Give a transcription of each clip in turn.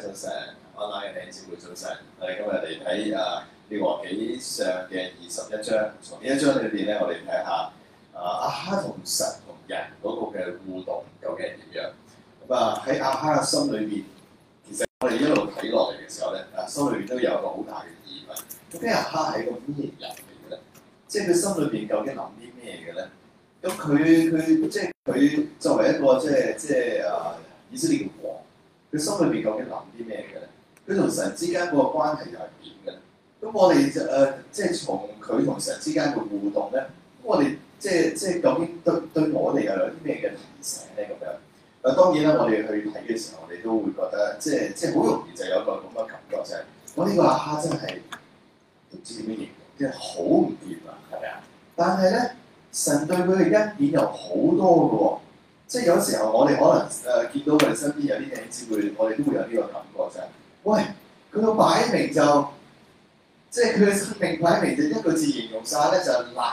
早晨 online 嘅弟兄姊妹，早晨。我哋今日嚟睇啊《列王紀》上嘅二十一章看看。從呢一章裏邊咧，我哋睇下啊阿哈同神同人嗰個嘅互動究竟係點樣。咁啊喺阿哈嘅心裏邊，其實我哋一路睇落嚟嘅時候咧，啊心裏邊都有一個好大嘅疑問：究竟阿哈係一個咩人嚟嘅咧？即係佢心裏邊究竟諗啲咩嘅咧？咁佢佢即係佢作為一個即係即係啊以色列。佢心裏邊究竟諗啲咩嘅？佢同神之間個關係又係點嘅？咁我哋就誒、呃，即係從佢同神之間個互動咧，咁我哋即係即係究竟對對我哋又有啲咩嘅提醒咧？咁樣，嗱當然啦，我哋去睇嘅時候，我哋都會覺得即係即係好容易就有個咁嘅感覺，就係我呢個亞哈真係唔知點樣嘅，即係好唔掂啊，係咪啊？但係咧，神對佢嘅恩典有好多㗎喎。即係有時候我哋可能誒、呃、見到佢身邊有啲嘢，只會我哋都會有呢個感覺啫。喂，佢個擺明就，即係佢嘅生命擺明就一個字形容晒，咧，就爛。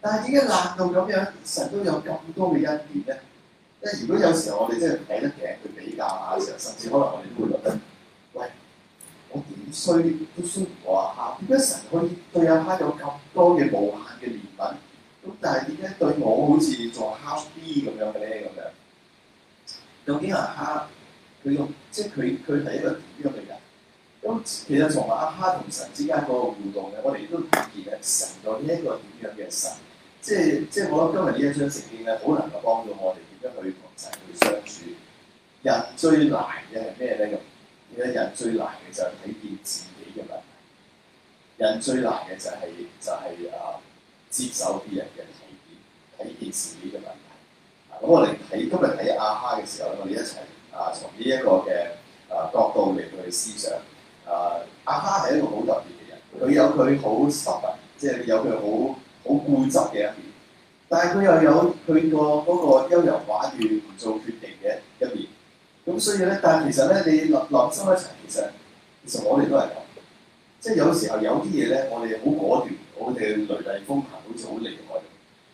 但係點解爛到咁樣，神都有咁多嘅恩典咧？即係如果有時候我哋真係比得嘅，去比較下嘅時候，嗯、甚至可能我哋都會覺得，喂，我點衰都衰唔過下，點、啊、解神可以對阿媽有咁多嘅無限嘅憐憫？咁但係點解對我好似做蝦 B 咁樣嘅咧？咁樣究竟阿蝦，佢用即係佢佢係一個點樣嘅人？咁、嗯、其實從阿蝦同神之間嗰個互動咧，我哋都見嘅成咗呢一個點樣嘅神？即係即係我諗今日呢一張聖經咧，好能夠幫到我哋點樣去同神去相處。人最難嘅係咩咧？咁其實人最難嘅就係睇見自己嘅問題。人最難嘅就係、是、就係、是、啊～接受啲人嘅睇點睇件事嘅問題，咁、啊、我哋睇今日睇亞哈嘅時候，我哋一齊啊從呢、啊啊、一個嘅啊角度嚟去思想啊，亞哈係一個好特別嘅人，佢有佢好實物，即係有佢好好固執嘅一面，但係佢又有佢、嗰個嗰、嗰個優柔寡斷唔做決定嘅一面。咁所以咧，但係其實咧，你諗諗深一層，其實其實我哋都係咁，即係有時候有啲嘢咧，我哋好果斷。我哋雷厲風行，好似好厲害。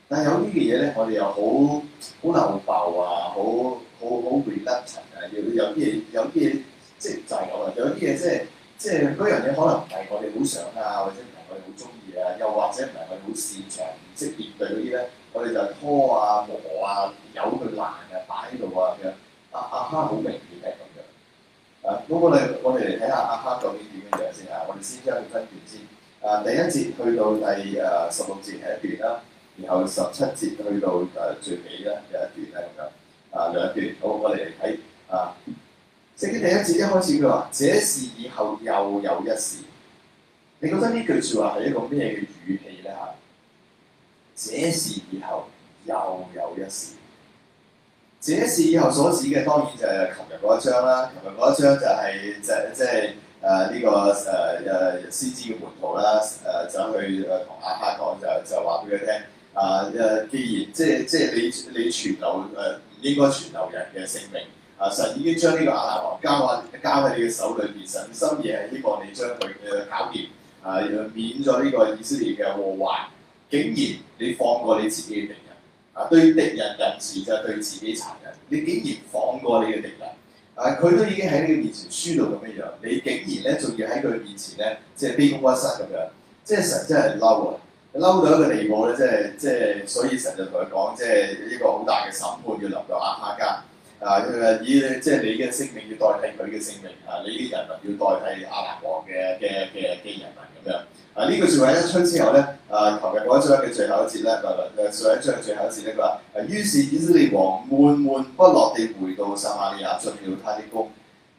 但係有呢啲嘢咧，我哋又好好流浮，啊，好好好亂得陳啊！要有啲嘢，有啲嘢即係就係有啊。有啲嘢即係即係嗰樣嘢，可能唔係我哋好想啊，或者唔係我哋好中意啊，又或者唔係我哋好擅長，唔識面對嗰啲咧，我哋就拖啊、磨啊、由佢爛啊，擺喺度啊咁。阿阿哈好明顯係咁樣啊！咁我哋我哋嚟睇下阿哈究竟點樣樣先啊！我哋、啊、先將佢分段先。啊，第一節去到第誒、啊、十六節係一段啦，然、啊、後十七節去到誒、啊、最尾啦。有一段咧咁，啊兩段，好，我哋嚟睇啊。首先第一節一開始佢話：這事以後又有一事。你覺得呢句説話係一個咩嘅語氣咧？嚇，這事以後又有一事。這事以後所指嘅，當然就係琴日嗰一章啦。琴日嗰一章就係、是、就即、是、係。就是誒呢、呃這個誒誒先知嘅門徒啦，誒、呃、就去誒同亞哈講就就話俾佢聽，啊、呃，誒既然即係即係你你傳留誒唔應該傳留人嘅性命，啊、呃、神已經將呢個亞蘭王交啊交喺你嘅手裏邊，神心嘢係希望你將佢誒搞掂，啊、呃、免咗呢個以色列嘅禍患。竟然你放過你自己嘅敵人，啊對敵人仁慈就是、對自己殘忍，你竟然放過你嘅敵人。啊！佢都已經喺你面前輸到咁樣樣，你竟然咧仲要喺佢面前咧，即係卑躬屈膝咁樣，即係神真係嬲啊！嬲到一個地步咧，即係即係，所以神就同佢講，即係一個好大嘅審判要臨到阿哈加，啊以即係你嘅性命要代替佢嘅性命，啊你啲人民要代替阿蘭王嘅嘅嘅嘅人民咁樣。嗱，呢句説話一出之後咧，啊，頭日嗰一章嘅最後一節咧，佢、啊、話，誒上一章嘅最後一節咧，佢、啊、話，誒於是以色列王悶悶不樂地回到撒瑪利亞，進了他的，他，悶悶他的宮。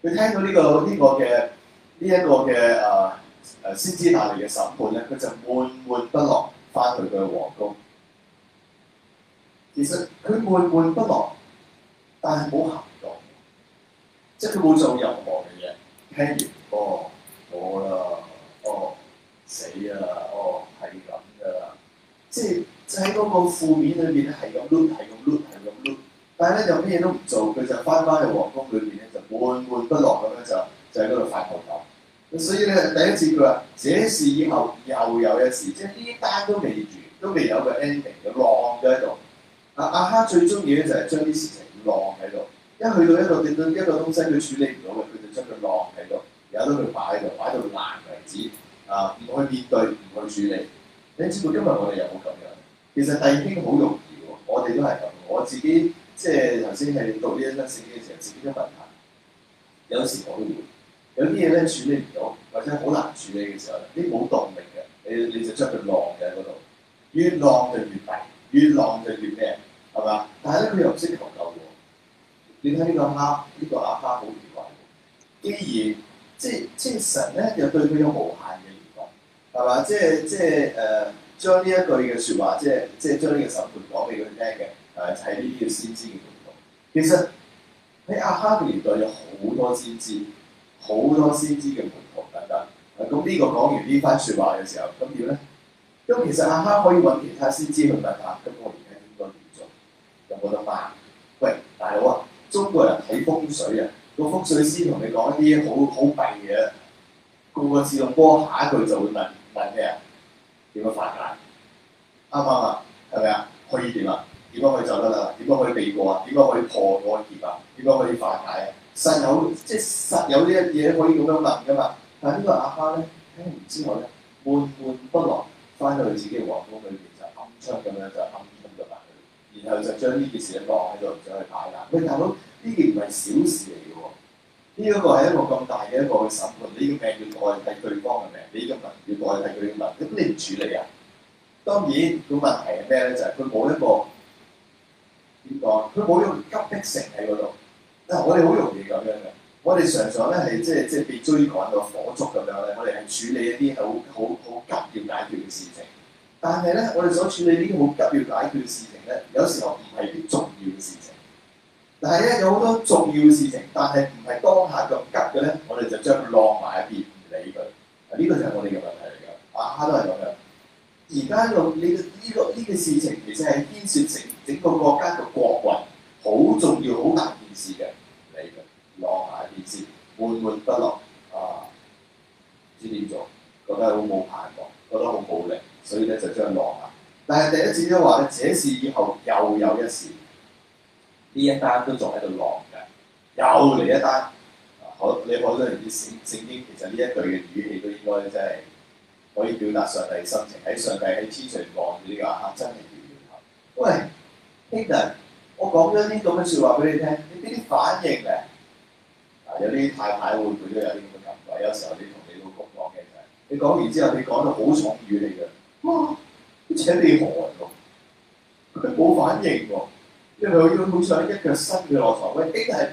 佢聽到呢個呢個嘅呢一個嘅誒誒先知帶嚟嘅審判咧，佢就悶悶不樂翻去佢嘅皇宮。其實佢悶悶不樂，但係冇行動，即係佢冇做任何嘅嘢。聽完，哦，好、哦、啦，哦。死啊！哦，係咁㗎啦，即係喺嗰個負面裏邊咧，係咁碌，係咁碌，係咁碌。但係咧就咩嘢都唔做，佢就翻返去皇宮裏邊咧，就悶悶不樂咁樣就就喺嗰度發吽吽。所以咧第一次佢話：這事以後，又有一事，即係呢單都未完，都未有個 ending，個浪喺度。亞亞哈最中意咧就係將啲事情晾喺度，一去到一個嘅一一個東西佢處理唔到嘅，佢就將佢晾喺度，由得佢擺喺度，擺到爛為止。啊！唔去面對，唔去處理，你知唔知？因為我哋又冇咁樣。其實第二邊好容易喎，我哋都係咁。我自己即係頭先係讀呢一章聖經嘅時候，自己都問一下。有時我都會有啲嘢咧處理唔到，或者好難處理嘅時候咧，冇動力嘅，你你就將佢浪嘅嗰度，越浪就越大，越浪就越咩？係嘛？但係咧佢又唔識求救喎。你睇呢個阿，呢、呢個阿媽好奇怪。既然即係即係神咧又對佢有無限。係嘛？即係即係誒、呃，將呢一句嘅説話，即係即係將呢個審判講俾佢聽嘅，係係呢啲叫先知嘅門徒。其實喺阿哈嘅年代有好多先知，好多先知嘅門徒等等。咁呢、呢個講完呢番説話嘅時候，咁點咧，咁其實阿哈可以揾其他先知去問下，咁我而家應該點做？有冇得辦？喂，大佬啊，中國人睇風水啊，個風水師同你講一啲好好弊嘅，個個自動波，下一句就會問。係咩啊？點 樣化解？啱啱啊？係咪啊？可以點啊？點解可以走得啦？點解可以避過啊？點解可以破嗰個劫啊？點解可以化解啊？實有即係實有呢一嘢可以咁樣問噶嘛？但係呢個阿花咧，聽完之後咧，悶悶不樂，翻到佢自己嘅王宮裏面就暗槍咁樣就暗衝咗埋去，然後就將呢件事放喺度，唔想去擺爛。喂大佬，呢件唔係小事嚟喎！呢一個係一個咁大嘅一個審判，你嘅命要代替對方嘅命，你嘅民要代替佢嘅民，咁你唔處理啊？當然個問題係咩咧？就係佢冇一個點講，佢冇用急迫性喺嗰度。啊，我哋好容易咁樣嘅，我哋常常咧係即係即係被追趕到火燭咁樣咧，我哋係處理一啲好好好急要解決嘅事情。但係咧，我哋所處理啲好急要解決嘅事情咧，有時候唔係啲重要嘅事情。但係咧，有好多重要嘅事情，但係唔係當下咁急嘅咧，我哋就將佢晾埋一邊唔理佢、這個。啊，呢個就係我哋嘅問題嚟嘅。大家都係咁樣。而家六，你呢、這個呢、這個事情其實係牽涉成整個國家嘅國運，好重要、好大件事嘅，理嘅，晾埋一邊先，悶悶不樂啊。知點做？覺得好冇排薄，覺得好冇力，所以咧就將佢晾下。但係第一次都話咧，這事以後又有一事。呢一單都仲喺度浪嘅，又嚟一單。好、啊，你好多時啲聖聖經其實呢一句嘅語氣都應該真係可以表達上帝心情。喺上帝喺天上望住呢、這個啊，真係，喂，Peter，我講咗啲咁嘅説話俾你聽，呢你啲你反應咧、啊，有啲太太會唔會都會有啲咁嘅感鬼。有時候你，你同你老公講嘅，就係、是，你講完之後你講到好重語氣嚟嘅，哇、啊！好似你寒喎，佢冇反應喎、啊。因為佢要好想一腳伸嘅落床，喂，呢個係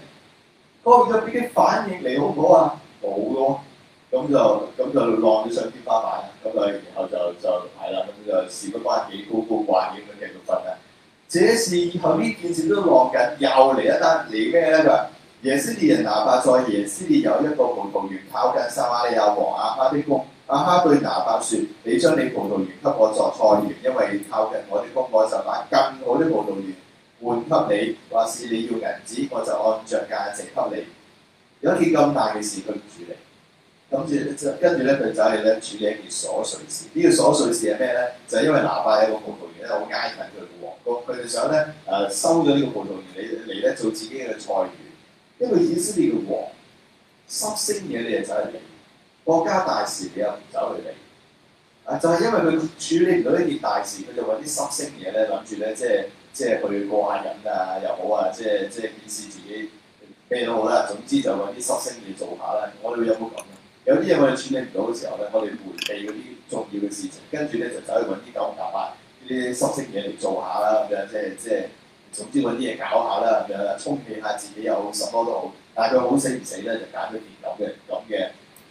嗰、哦、個有邊啲反應嚟好唔好啊？冇咯，咁就咁就浪咗上天花板，咁佢然後就就係啦，咁就事不關己高高掛掛咁繼續瞓咧。這是以後呢件事都浪緊，又嚟一單嚟咩咧？就耶斯列人拿伯在耶斯列有一個葡萄園，靠近撒瑪利亞和亞哈啲宮。亞哈對拿伯説：你將你葡萄園給我作菜園，因為靠近我啲宮，我就把更好啲葡萄園。換給你，或是你要銀紙，我就按着價值給你。有一件咁大嘅事佢唔處理，跟住咧，跟住咧佢走去咧處理一件瑣碎事。這個、事呢個瑣碎事係咩咧？就係、是、因為拿伯一個葡萄園咧好挨近佢嘅王宮，佢哋想咧誒收咗呢個葡萄園嚟咧做自己嘅菜園。因為以色列嘅王濕星嘢，你就走去理國家大事，你又唔走去理。啊，就係、是、因為佢處理唔到呢件大事，佢就揾啲濕星嘢咧諗住咧即係。即係去過下癮啊，又好啊，即係即係展示自己咩都好啦。總之就揾啲濕性嘢做下啦。我哋有冇咁咧？有啲嘢我哋處理唔到嘅時候咧，我哋回避嗰啲重要嘅事情，跟住咧就走去揾啲狗咬貓呢啲濕性嘢嚟做下啦。咁樣即係即係總之揾啲嘢搞下啦。咁樣充氣下自己又好，什麼都好。但係佢好死唔死咧，就揀咗件咁嘅咁嘅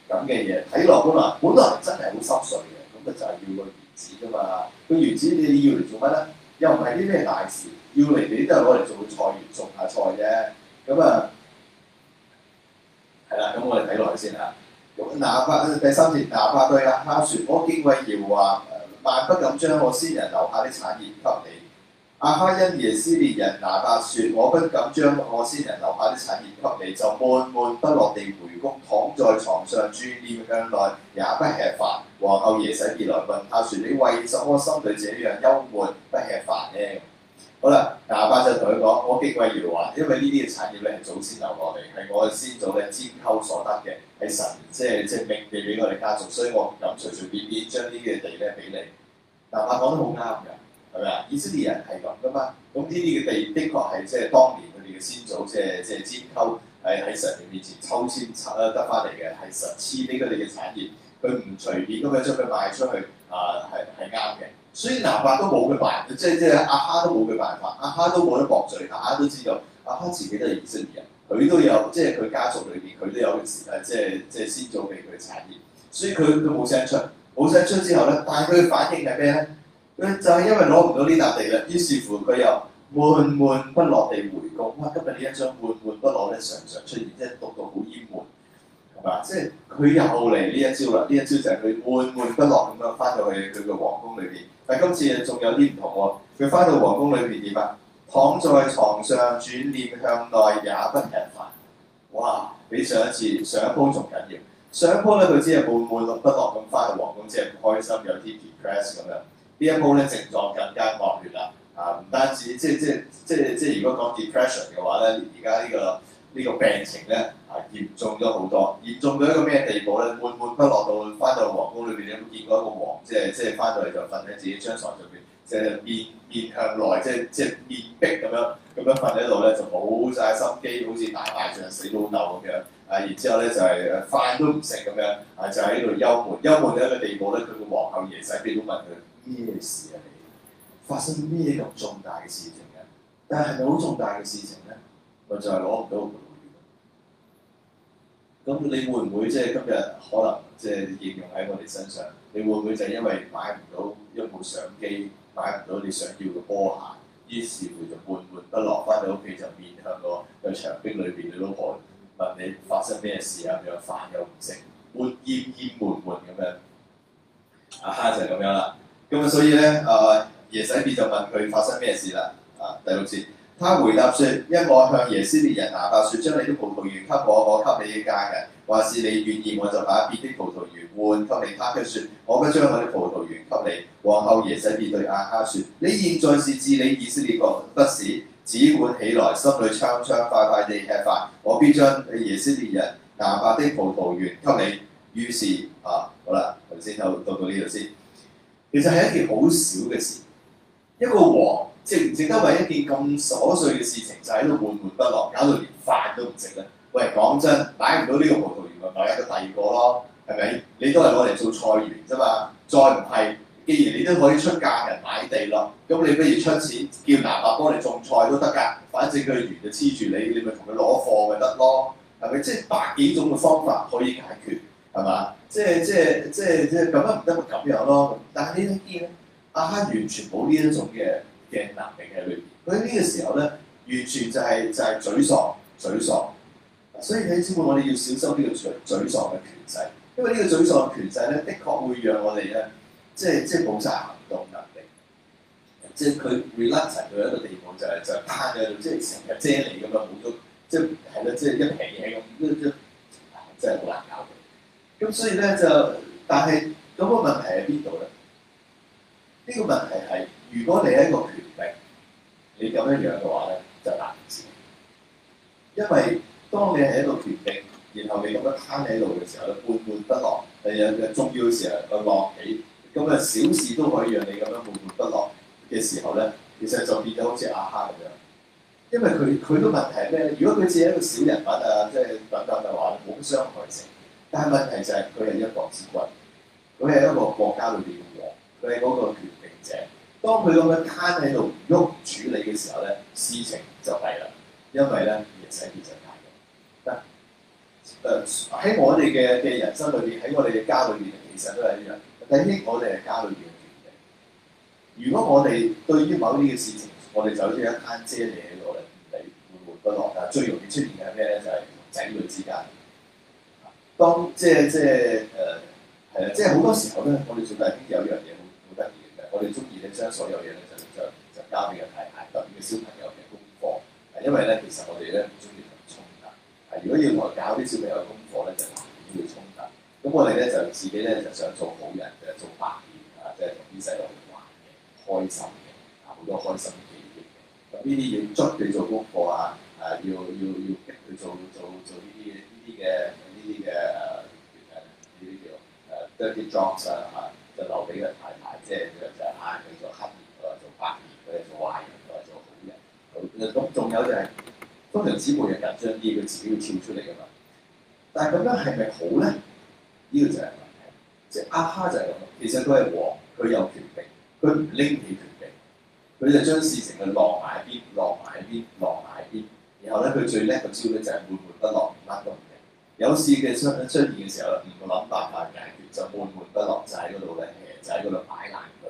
咁嘅嘢。睇落本來嘛本來真係好濕碎嘅，咁咪就係要個園子噶嘛。個園子你要嚟做乜咧？又唔係啲咩大事，要嚟嘅都係攞嚟做菜園種下菜啫。咁、嗯嗯呃呃呃呃、啊，係、呃、啦，咁我哋睇耐啲先啊。咁拿伯第三節，拿伯對亞哈說我敬畏耶和華話，萬不敢將我先人留下啲產業給你。亞哈因耶斯列人拿伯説：我不敢將我先人留下啲產業給你，就悶悶不樂地回宮，躺在床上，專念向內，也不吃飯。皇后耶洗別來問他說：你為什麼我心裏這樣憂悶，幽悶不吃飯呢？好啦，拿伯就同佢講：我極為謠話，因為呢啲嘅產業咧係祖先留落嚟，係我先祖咧佔溝所得嘅，係神即係即係命地俾我哋家族，所以我唔敢隨隨便便將呢啲嘅地咧俾你。拿伯講得好啱嘅。係咪啊？以色列人係咁噶嘛？咁呢啲嘅地，的確係即係當年佢哋嘅先祖、就是，即係即係拈鬮，係喺神面前抽簽抽誒得翻嚟嘅，係實踐呢個地嘅產業，佢唔隨便咁樣將佢賣出去，啊係係啱嘅。所以南法都冇嘅辦，即係即係阿哈都冇嘅辦法，阿、啊、哈都冇得駁罪，大、啊、家都知道，阿、啊、哈自己都係以色列人，佢都有即係佢家族裏邊佢都有嘅時即係即係先祖俾佢嘅產業，所以佢都冇聲出，冇聲出之後咧，但係佢反應係咩咧？就係因為攞唔到呢笪地啦，於是乎佢又悶悶不樂地回宮。哇！今日呢一招悶悶不樂咧，常常出現，即係讀到好厭悶，係嘛？即係佢又嚟呢一招啦。呢一招就係佢悶悶不樂咁樣翻到去佢個皇宮裏邊。但今次仲有啲唔同喎、哦。佢翻到皇宮裏邊點啊？躺在床上，轉臉向內也不吃飯。哇！比上一次上鋪仲緊要。上鋪咧，佢只係悶悶不樂咁翻到皇宮，只係唔開心，有啲 depressed 咁樣。一呢一波咧症狀更加惡劣啦！啊，唔單止即即即即，即，即，即如果講 depression 嘅話咧，而家呢個呢、這個病情咧啊嚴重咗好多，嚴重到一個咩地步咧？悶悶不樂到翻到皇宮裏邊，有冇見過一個王？即即翻到嚟就瞓喺自己張床上邊，即係面面向內，即即面壁咁樣咁樣瞓喺度咧，就冇晒心機，好似大敗仗死老豆咁樣。啊，然之後咧就係飯都唔食咁樣，啊就喺度幽悶幽悶到一個地步咧，佢個皇后耶洗別都問佢。咩事啊？你、yes, yes. 發生咩咁重大嘅事情嘅？但係係咪好重大嘅事情咧？我就係攞唔到盤滿缽滿。咁你會唔會即係今日可能即係應用喺我哋身上？你會唔會就因為買唔到一部相機，買唔到你想要嘅波鞋，於是乎就悶悶不樂，翻到屋企就面向個個牆壁裏邊嘅老婆，問你發生咩事煩悶悶悶悶悶悶樣啊？又飯又唔食，悶厭厭悶悶咁樣。亞哈就係咁樣啦。咁所以咧，啊，耶洗別就問佢發生咩事啦，啊，第六節，他回答說：，因我向耶斯列人拿伯說，將你的葡萄園給我，我給你一家嘅，或是你願意，我就把別的葡萄園換給你。他卻說：，我不將我的葡萄園給你。王后耶洗別對亞哈說：，你現在是治理以色列國，不是只管起來，心裏暢暢快快地吃飯，我必將耶斯列人拿伯的葡萄園給你。於是，啊，好啦，頭先到到到呢度先。其實係一件好小嘅事，一個王值唔值得為一件咁瑣碎嘅事情就喺度悶悶不樂，搞到連飯都唔食咧？喂，講真，買唔到呢個葡萄園，咪買一個第二個咯，係咪？你都係攞嚟做菜園啫嘛，再唔係，既然你都可以出價人買地咯，咁你不如出錢叫拿伯幫你種菜都得㗎，反正佢園就黐住你，你咪同佢攞貨咪得咯，係咪？即係百幾種嘅方法可以解決。係嘛？即係即係即係即係咁樣唔得咪咁樣咯。但係呢啲咧，阿黑完全冇呢一種嘅嘅能力喺裏邊。佢喺呢個時候咧，完全就係就係沮喪、沮喪。所以你知，我哋要小心呢個沮沮喪嘅權勢，因為個呢個沮喪嘅權勢咧，的確會讓我哋咧，即係即係冇晒行動能力。即係佢 relate 到一個地方就係就攤喺度，即係成個啫喱咁樣好咗，即係係咯，即係一皮嘢咁，即係好難搞。咁、嗯、所以咧就，但係咁、這個問題喺邊度咧？呢個問題係，如果你係一個權力，你咁樣樣嘅話咧，就難。因為當你係一個權力，然後你咁樣攤喺度嘅時候咧，悶悶不樂，又有有重要嘅時候又落起，咁啊小事都可以讓你咁樣悶悶不，悶悶不樂嘅時候咧，其實就變咗好似亞哈咁樣。因為佢佢個問題係咩？如果佢只係一個小人物啊，即係簡單嚟話冇傷害性。但係問題就係佢係一國之君，佢係一個國家裏邊嘅王，佢係嗰個權力者。當佢咁樣攤喺度唔喐唔處理嘅時候咧，事情就係啦。因為咧，人際關係啊，誒喺、呃、我哋嘅嘅人生裏邊，喺我哋嘅家裏邊，其實都係一樣。第一，我哋係家裏邊嘅權力。如果我哋對於某啲嘅事情，我哋就好似一攤姐嚟喺度嚟，緩緩不樂啊。最容易出現嘅係咩咧？就係仔女之間。當即即誒誒，即係好多時候咧，我哋做老師有一樣嘢好好得意嘅，我哋中意咧將所有嘢咧就就就交俾個太太，特別嘅小朋友嘅功課。因為咧，其實我哋咧唔中意同衝突。係如果要我搞啲小朋友嘅功課咧，就難免會衝突。咁我哋咧就自己咧就想做好人嘅，做白臉啊，即係同啲細路玩嘅開心嘅好多開心嘅嘢嘅。咁呢啲要捉佢做功課啊，啊要要要逼佢做做做呢啲呢啲嘅。啲嘅，呢啲叫誒，將啲 dirty job 吓，就留俾個太太，即係佢就嗌、是、佢做黑面，佢做白面，佢做壞人，佢做，做好人。咁仲有就係通常子輩又緊張啲，佢自己要跳出嚟㗎嘛。但係咁樣係咪好咧？呢、這個就係問題。即係亞哈就係咁，其實佢係王，佢有權力，佢唔拎起權力，佢就將事情佢落埋邊，落埋邊，落埋邊。然後咧，佢最叻嘅招咧就係半半得落，唔甩有事嘅出出現嘅時候咧，唔會諗辦法解決，就悶悶不樂就喺嗰度咧，就喺嗰度擺爛佢。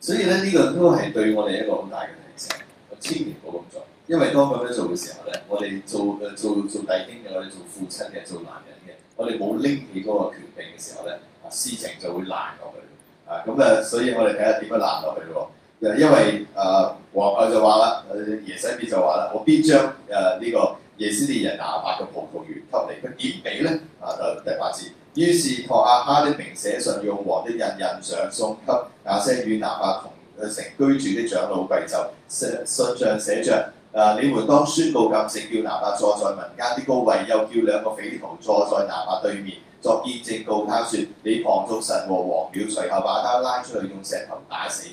所以咧，呢、這個都係對我哋一個好大嘅提醒，千祈唔好咁做。因為當咁樣做嘅時候咧，我哋做誒做做，做弟兄嘅，我哋做父親嘅，做男人嘅，我哋冇拎起嗰個權柄嘅時候咧，事情就會爛落去。啊咁啊，所以我哋睇下點樣爛落去喎？又因為啊王后、呃、就話啦，耶洗別就話啦，我必將誒呢、呃這個。耶斯利人拿伯嘅葡萄園給你，佢點俾咧？啊，就第八字。於是託阿哈的名寫信，用王的人印，印上，送給那些與拿伯同佢成、呃、居住的長老貴胄，信信上寫着：「啊，你們當宣告禁止，叫拿伯坐在民間的高位，又叫兩個匪徒坐在拿伯對面作見證，告他說：你謗瀆神和王表，隨後把他拉出去用石頭打死。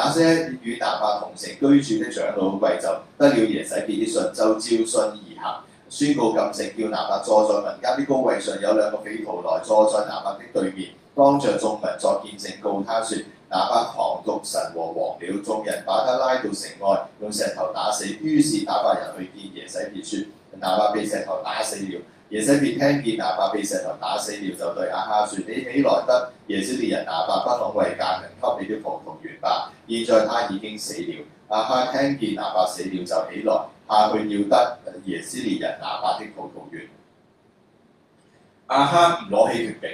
那些與拿伯同城居住的長老的，為就得了耶洗別的信，就招信而行，宣告禁令，叫拿伯坐在民間的高位上。有兩個匪徒來坐在拿伯的對面，當着眾民作見證，告他說：拿伯狂毒神和王了。」眾人把他拉到城外，用石頭打死。於是打發人去見耶洗別，說：拿伯被石頭打死了。耶洗別聽見拿伯被石頭打死了，就對亞哈說：你起來得耶穌，耶斯列人拿伯不可為價銀給你的葡萄園吧。現在他已經死了。亞哈聽見拿伯死了，就起來下去要得耶斯列人的、啊、拿伯的葡萄園。亞哈唔攞起決定，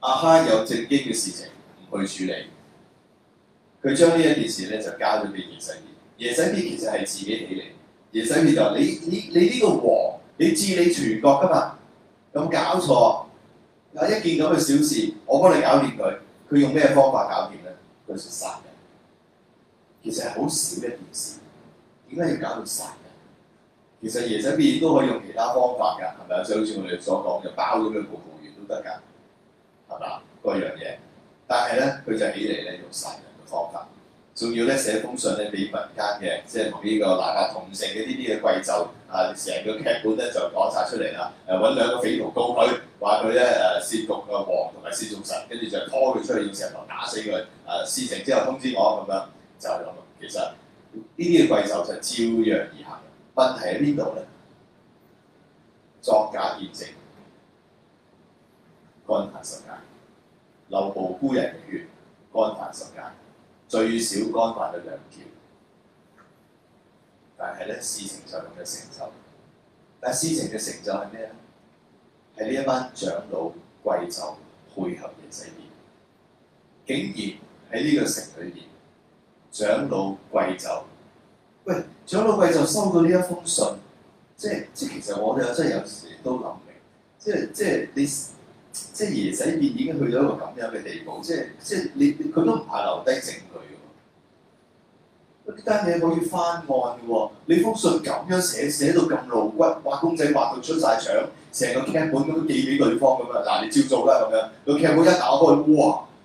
亞哈有正經嘅事情唔去處理，佢將呢一件事呢就交咗俾耶洗別，耶洗別其實係自己起嚟。耶洗別就你你你呢個王，你治理全國噶嘛？有冇搞錯？啊，一件咁嘅小事，我幫你搞掂佢。佢用咩方法搞掂咧？佢殺人，其實係好少一件事，點解要搞到殺人？其實耶洗別都可以用其他方法㗎，係咪？就好似我哋所講，就包咗佢葡萄園都得㗎，係咪啊？嗰樣嘢，但係咧，佢就起嚟咧用殺人嘅方法。仲要咧寫封信咧俾民間嘅，即係同呢個《拿伯同城嘅呢啲嘅貴就啊，成個劇本咧就講晒出嚟啦。誒、啊、揾兩個匪徒告佢，話佢咧誒褻瀆個王同埋褻瀆神，跟住就拖佢出去用石頭打死佢。誒、啊、事成之後通知我咁樣，就係咁。其實呢啲嘅貴就就照樣而行。問題喺邊度咧？作假見證，干犯十誡，流無辜人血，干犯十誡。最少干犯咗兩條，但係咧，事情就咁嘅成就。但事情嘅成就係咩咧？係呢一班長老貴族配合嘅裏面，竟然喺呢個城裏面，長老貴族，喂，長老貴族收到呢一封信，即即其實我有，真有時都諗唔明，即即呢。即係耶洗別已經去到一個咁樣嘅地步，即係即係你佢都唔怕留低證據㗎。單嘢可以翻案㗎喎，你封信咁樣寫寫到咁露骨，畫公仔畫到出晒腸，成個劇本咁寄俾對方咁啊！嗱，你照做啦咁樣。個劇本一打開，哇，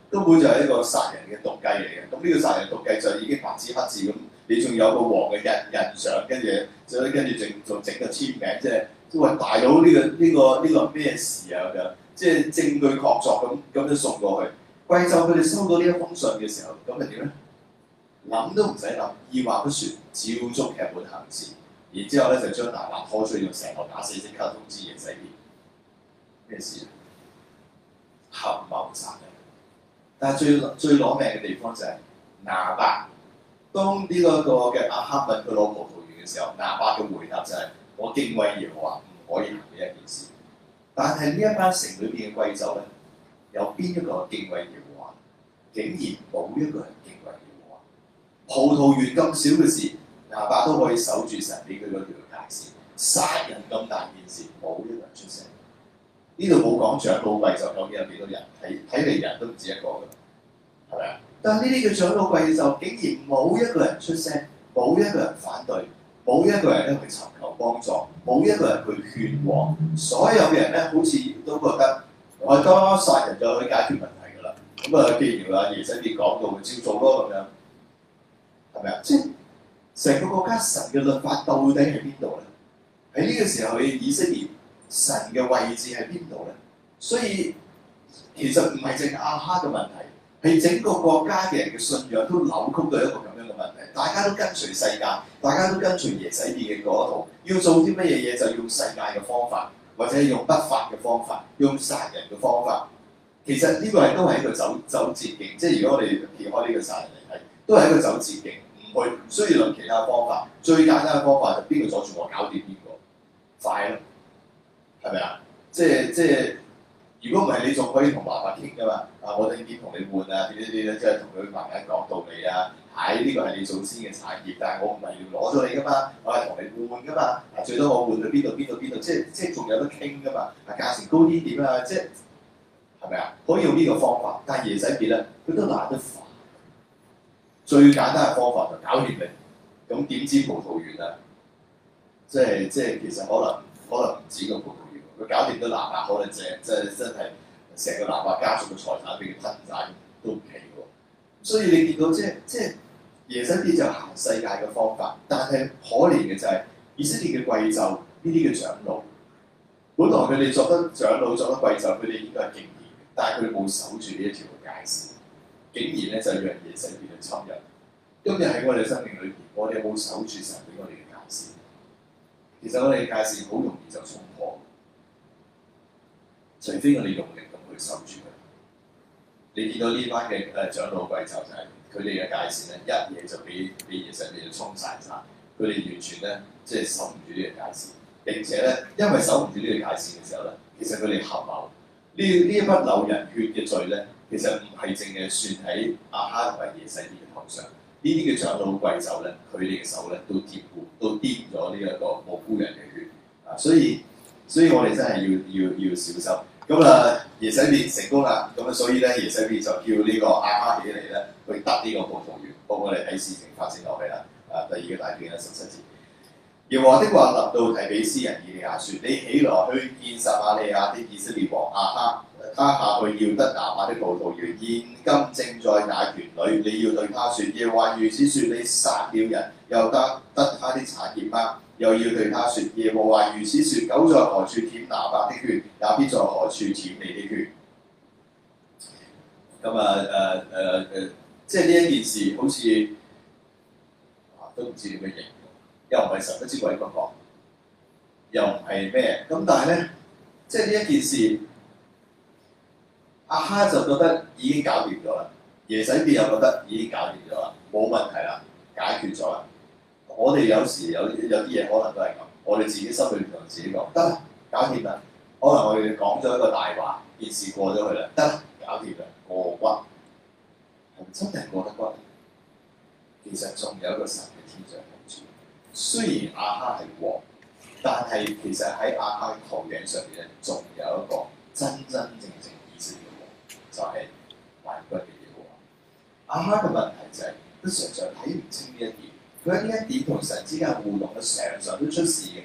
根本就係一個殺人嘅毒計嚟嘅。咁呢個殺人毒計就已經白紙黑字咁，你仲有個王嘅印印上，跟住就跟住整仲整個簽名，即係喂大佬呢個呢個呢個咩事啊咁樣？即係證據確鑿咁，咁就送過去。貴冑佢哋收到呢一封信嘅時候，咁係點咧？諗都唔使諗，二話不説，照足劇本行事。然之後咧就將拿伯拖出去，去用成個打死，即刻通知耶洗別咩事啊？合謀殺人。但係最最攞命嘅地方就係拿伯。當呢一個嘅亞哈問佢攞葡萄園嘅時候，拿伯嘅回答就係、是：我敬畏耶和華，唔可以行呢一件事。但係呢一班城裏邊嘅貴胄咧，有邊一個敬畏耶和華？竟然冇一個人敬畏耶和華。葡萄園咁少嘅事，拿伯都可以守住神俾佢嗰條界線。殺人咁大件事，冇一個人出聲。呢度冇講長老貴胄究竟有幾多人？睇睇嚟人都唔止一個㗎，係咪啊？但係呢啲叫長老貴胄，竟然冇一個人出聲，冇一個人反對。冇一個人咧去尋求幫助，冇一個人去勸和。所有嘅人咧好似都覺得我多殺人就可以解決問題㗎啦。咁啊，既然啊耶穌講到，咪照做咯咁樣，係咪啊？即係成個國家神嘅律法到底係邊度咧？喺呢個時候嘅以色列，神嘅位置喺邊度咧？所以其實唔係淨係阿哈嘅問題，係整個國家嘅人嘅信仰都扭曲到一個。大家都跟隨世界，大家都跟隨耶洗別嘅嗰套，要做啲乜嘢嘢就用世界嘅方法，或者用不法嘅方法，用殺人嘅方法。其實呢個係都係一個走走捷徑，即係如果我哋撇開呢個殺人嚟睇，都係一個走捷徑，唔去唔需要諗其他方法，最簡單嘅方法就邊個阻住我，搞掂邊個快咯，係咪啊？即係即係。如果唔係，你仲可以同爸爸傾噶嘛？啊，我哋點同你換啊？點點點咧，即係同佢慢慢講道理啊！喺、哎、呢、呢個係你祖先嘅產業，但係我唔係要攞咗你噶嘛，我係同你換噶嘛、啊。最多我換到邊度？邊度？邊度？即係即係仲有得傾噶嘛？啊，價錢高啲點，點啊？即係係咪啊？可以用呢個方法，但係嘢使別咧，佢都懶得煩。最簡單嘅方法就搞掂你。咁點知葡萄園啊？即係即係其實可能可能唔止個葡萄園。佢搞掂咗南亞可能，真真係成個南亞家族嘅財產俾佢吞晒都唔奇喎。所以你見到即係即係耶洗別就行世界嘅方法，但係可憐嘅就係以色列嘅貴胄呢啲嘅長老，本來佢哋作得長老作得貴胄，佢哋應該係敬虔，但係佢冇守住呢一條界線，竟然咧就讓耶洗別去侵入。今日喺我哋生命裏邊，我哋冇守住神俾我哋嘅界線，其實我哋嘅界線好容易就衝破。除非我哋用力咁去守住佢，你見到呢班嘅誒、呃、長老貴胄就係佢哋嘅界線咧，一嘢就俾俾耶洗別衝曬晒。佢哋完全咧即係守唔住呢個界線，並且咧因為守唔住呢個界線嘅時候咧，其實佢哋合謀呢呢一筆流人血嘅罪咧，其實唔係淨係算喺阿哈同埋耶洗別嘅頭上，呢啲嘅長老貴胄咧，佢哋嘅手咧都沾污都滴咗呢一個無辜人嘅血啊，所以所以我哋真係要要要,要小心。咁啊、嗯、耶洗別成功啦，咁、嗯、啊所以咧耶洗別就叫呢個亞哈起嚟咧，去搭呢個葡萄園，幫我哋睇事情發展落嚟啦。啊，第二個大段啊十七節，耶和華的話臨到提比斯人以利亞說：你起來去見撒瑪利亞啲以色列王亞哈。他下去要得拿伯的葡萄園，現今正在那園裡，你要對他説：耶和華如此説，你殺掉人又得得他啲產業嗎？又要對他説：耶和華如此説，狗在何處舔拿伯的血，也必在何處舔你的血。咁啊誒誒誒，即係呢一件事，好似都唔知點樣形容，又唔係神不知鬼不覺，又唔係咩？咁、嗯、但係咧，即係呢一件事。阿哈就覺得已經搞掂咗啦，耶洗別又覺得已經搞掂咗啦，冇問題啦，解決咗啦。我哋有時有有啲嘢可能都係咁，我哋自己心裏面同自己講得，搞掂啦。可能我哋講咗一個大話，件事過咗去啦，得，搞掂啦，過骨，係真係過得骨。其實仲有一個神嘅天象喺度。雖然阿哈係王，但係其實喺阿哈嘅頭頂上面，咧，仲有一個真真正正。就係為君嘅嘢，阿哈嘅問題就係、是、佢常常睇唔清呢一點，佢喺呢一點同神之間互動，佢常常都出事嘅。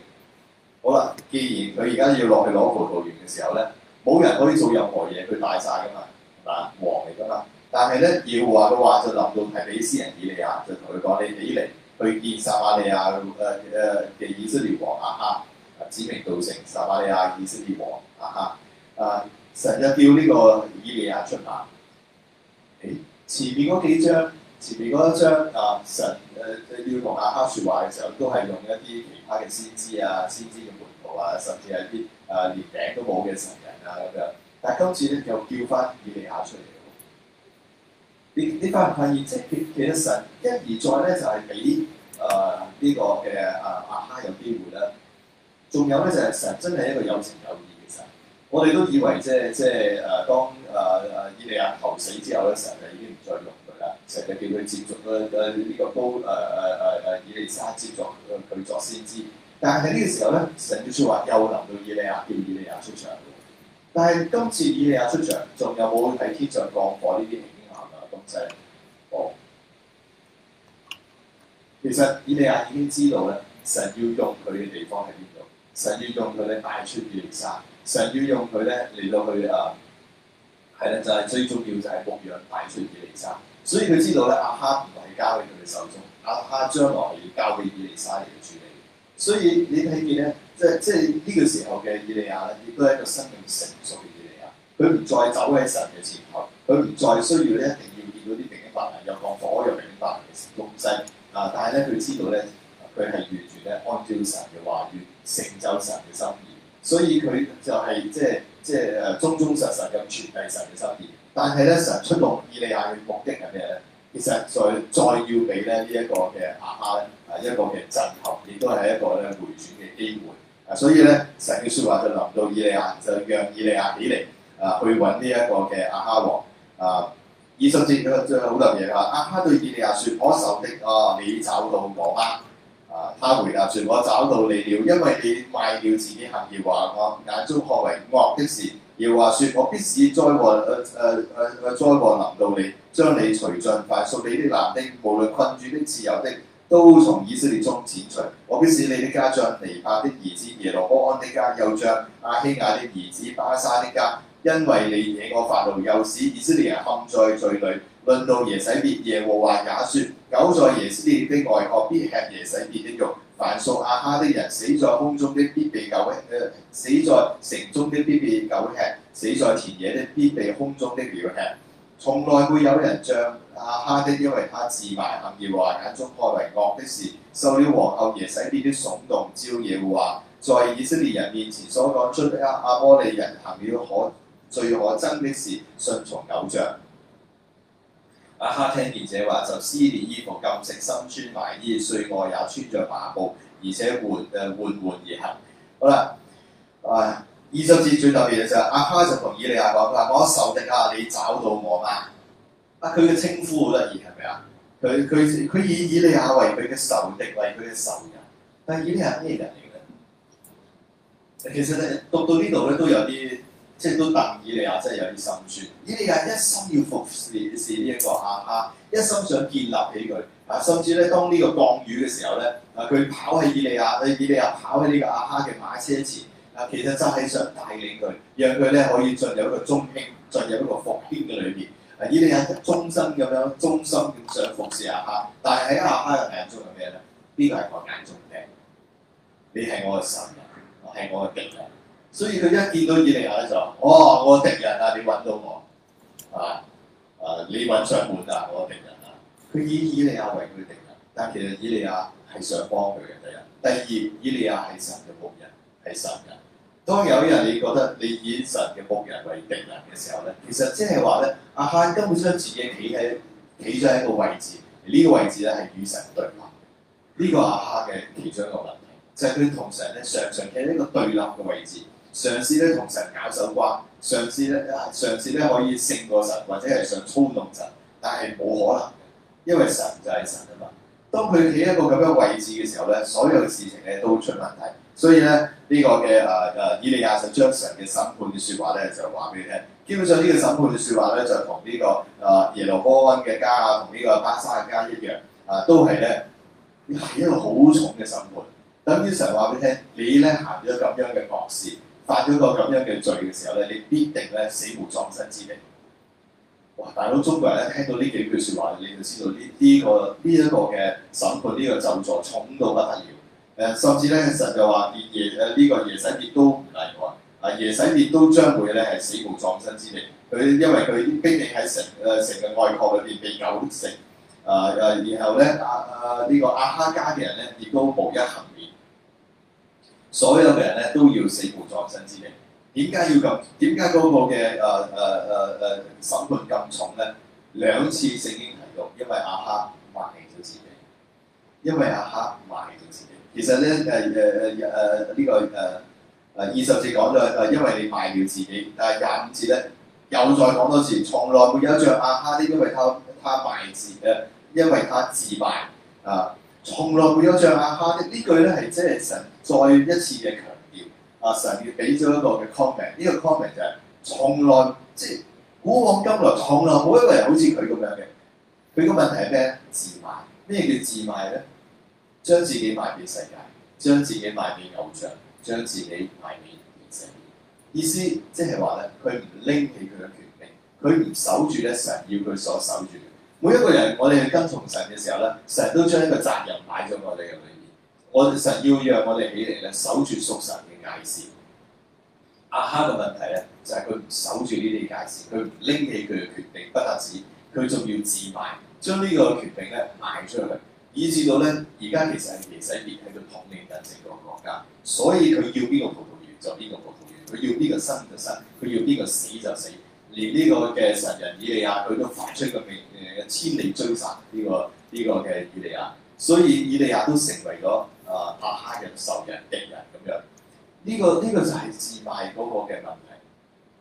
好啦，既然佢而家要落去攞葡萄園嘅時候咧，冇人可以做任何嘢，去大晒噶嘛，嗱、啊、王嚟噶嘛。但係咧，要話嘅話就臨到係提斯比人以利亞就同佢講：你起嚟去見撒瑪利亞嘅誒嘅以色列王阿哈、啊、指名道姓撒瑪利亞以色列王阿哈啊！啊啊神又叫呢個以利亞出馬。誒，前面嗰幾章，前面嗰一章啊，神誒、呃、要同亞哈説話嘅時候，都係用一啲其他嘅先知啊、先知嘅門徒啊，甚至係啲誒連名都冇嘅神人啊咁樣。但係今次咧又叫翻以利亞出嚟。你你發唔發現？即係其實神一而再咧，就係俾誒呢個嘅、啊、亞哈有機會啦。仲有咧就係、是、神真係一個有情有義。我哋都以為即係即係誒，當誒誒以利亞頭死之後咧，神就已經唔再用佢啦，神就叫佢接續誒誒呢個高誒誒誒誒以利沙接續佢、呃、作先知。但係喺呢個時候咧，神嘅說話又臨到以利亞，叫以利亞出場。但係今次以利亞出場，仲有冇喺天上降火呢啲驚嚇嘅東西？哦，其實以利亞已經知道咧，神要用佢嘅地方喺邊度，神要用佢嚟帶出以利沙。神要用佢咧嚟到去啊，係啦，就係最重要就係牧養帶出以利沙，所以佢知道咧，亞哈唔係交喺佢哋手中，亞哈將來要交俾以利沙嚟處理。所以你睇見咧，即係即係呢個時候嘅以利亞咧，亦都係一個生命成熟嘅以利亞，佢唔再走喺神嘅前頭，佢唔再需要咧一定要見到啲明眼人又講火又明眼人嘅東西。啊，但係咧佢知道咧，佢係完全咧按照神嘅話語成就神嘅心意。所以佢就係、是、即係即係誒忠忠實實咁傳遞神嘅心意，但係咧神出動以利亞嘅目的係咩咧？其實再再要俾咧呢、這個啊、呢一個嘅亞哈咧啊一個嘅震撼，亦都係一個咧回轉嘅機會啊！所以咧神嘅説話就臨到以利亞，就讓以利亞起嚟啊去揾呢一個嘅亞、啊、哈王啊！二十節佢仲有好留意啊！亞哈對以利亞説：我仇敵啊、哦，你找到我嗎？啊！他回答說：我找到你了，因為你賣掉自己行，行言話我眼中看為惡的事，要話說我必使災禍、誒誒誒誒災禍臨到你，將你除盡，快掃你的男丁，無論困住的、自由的，都從以色列中剪除。我必使你將的家將尼八的兒子耶羅波安的家、又將亞希雅的兒子巴沙的家，因為你惹我發怒，又使以色列人陷在罪裡。論到耶洗別，耶和華也說：狗在耶斯列的外郭必吃耶洗別的肉；凡屬亞哈的人死在空中的必被狗吃、呃，死在城中的必被狗吃，死在田野的必被空中的鳥吃。從來沒有人像亞哈的，因為他自賣行耶和華，眼中看為惡的事，受了王后耶洗別的慫動照耶和華，在以色列人面前所講出的亞摩利人行了可最可憎的事，信從偶像。阿哈聽見這話就撕裂衣服，禁食，身穿麻衣，睡臥也穿着麻布，而且緩誒緩緩而行。好啦，啊二十節最特別嘅就係阿哈就同以利亞講，佢話我仇敵啊，你找到我嗎？啊，佢嘅稱呼好得意，係咪啊？佢佢佢以以利亞為佢嘅仇敵，為佢嘅仇人。但係以利亞係咩人嚟嘅？其實咧讀到呢度咧都有啲。即係都鄧以利亞真係有啲心酸，以利亞一心要服侍侍呢一個亞哈，一心想建立起佢，啊甚至咧當呢個降雨嘅時候咧，啊佢跑喺以利亞，以利亞跑喺呢個亞哈嘅馬車前，啊其實真係想帶領佢，讓佢咧可以進入一個中興，進入一個服兵嘅裏面。啊以利亞就忠心咁樣，忠心咁想服侍亞哈，但係喺亞哈嘅眼中係咩咧？呢、這個係我眼中病，你係我嘅神人，我係我嘅敵人。所以佢一見到以利亞咧就，哦，我敵人啊！你揾到我，係嘛？誒，你揾上門啊！我敵人啊！佢以以利亞為佢敵人，但其實以利亞係想幫佢嘅敵人。第二，以利亞係神嘅僕人，係神嘅。當有一日你覺得你以神嘅僕人為敵人嘅時候咧，其實即係話咧，亞哈根本將自己企喺企咗喺個位置，呢個位置咧係與神對立。呢個亞哈嘅其中一個問題，就係佢同時咧常常企喺一個對立嘅位置。上次咧同神搞手瓜，上次咧上次咧可以勝過神，或者係想操弄神，但係冇可能嘅，因為神就係神啊嘛。當佢企一個咁樣位置嘅時候咧，所有嘅事情咧都會出問題。所以咧呢個嘅誒誒以利亞就將神嘅審判嘅説話咧就話俾你聽。基本上呢個審判嘅説話咧就同呢個啊耶羅波安嘅家啊同呢個巴沙嘅家一樣啊，都係咧一個好重嘅審判。等於神話俾你聽，你咧行咗咁樣嘅惡事，犯咗個咁樣嘅罪嘅時候咧，你必定咧死無葬身之地。哇！大佬，中國人咧聽到呢幾句説話，你就知道呢呢、這個呢一、這個嘅審判，呢、這個咒詛重到不得了。誒、呃，甚至咧神就話連夜誒呢、這個耶洗別都唔例外，啊耶洗別都將會咧係死無葬身之地。佢因為佢必定喺成誒成個外郭裏邊被狗食啊啊，然後咧阿阿呢、啊啊這個亞哈家嘅人咧亦都冇一幸。所有嘅人咧都要死無葬身之地。點解要咁？點解嗰個嘅誒誒誒誒審判咁重咧？兩次聖經提到，因為亞哈賣咗自己，因為亞哈賣咗自己。其實咧誒誒誒誒呢、呃呃呃這個誒誒、呃、二十節講咗誒，因為你賣掉自己。但係廿五節咧又再講多次，從來沒有像亞哈啲，因為他他賣自嘅，因為他自賣啊。呃從來沒有像亞哈的呢句咧，係即係神再一次嘅強調。阿、啊、神要俾咗一個嘅 comment，呢個 comment 就係從來即係古往今來從來冇一個人好似佢咁樣嘅。佢個問題係咩？自賣。咩叫自賣咧？將自己賣俾世界，將自己賣俾偶像，將自己賣俾名聲。意思即係話咧，佢唔拎起佢嘅權柄，佢唔守住咧神要佢所守住。每一個人，我哋係跟從神嘅時候咧，成日都將一個責任擺咗我哋嘅裏面。我哋實要讓我哋起嚟咧，守住屬神嘅界線。亞哈嘅問題咧，就係佢唔守住呢啲界線，佢唔拎起佢嘅決定，不單止，佢仲要自賣，將呢個決定咧賣出去，以至到咧而家其實係耶洗別喺度統領緊整個國家，所以佢要邊個葡萄園就邊個葡萄園，佢要邊個生就生，佢要邊個死就死。連呢個嘅神人以利亞，佢都發出個命誒，千里追殺呢、呢個呢、呢個嘅以利亞，所以以利亞都成為咗啊！亞哈人仇人敵人咁樣呢、呢個呢、呢個就係自賣嗰個嘅問題。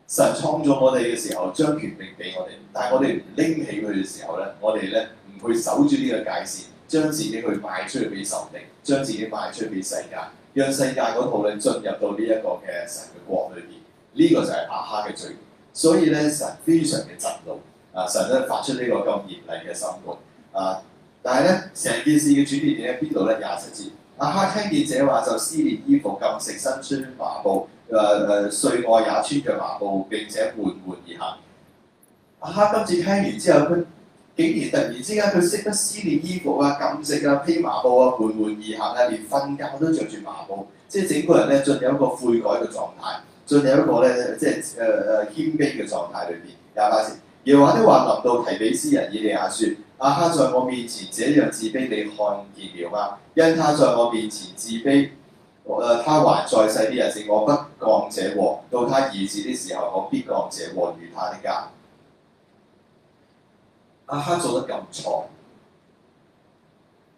神創造我哋嘅時候，將權力畀我哋，但係我哋唔拎起佢嘅時候咧，我哋咧唔去守住呢個界線，將自己去賣出去俾仇敵，將自己賣出去俾世界，讓世界嗰套咧進入到呢一個嘅神嘅國裏邊。呢、呢個就係亞哈嘅罪。所以咧，神非常嘅震怒，啊！神都發出呢個咁嚴厲嘅審判，啊！但係咧，成件事嘅轉變點喺邊度咧？廿七節，亞哈聽見這話就撕裂衣服，禁食，身穿麻布，誒、呃、誒、呃，睡卧也穿着麻布，並且緩緩而行。亞哈今次聽完之後，佢竟然突然之間，佢識得撕裂衣服啊，禁食啊，披麻布啊，緩緩而行啊，連瞓覺都着住麻布，即係整個人咧進入一個悔改嘅狀態。再有一個咧，即係誒誒謙卑嘅狀態裏邊，廿八節。耶和華的話臨到提比斯人以利亞説：阿哈在我面前這樣自卑，你看見了嗎？因他在我面前自卑，誒他還在世啲日子，我不降這禍；到他兒子的時候，我必降這禍與他的家。阿哈做得咁錯，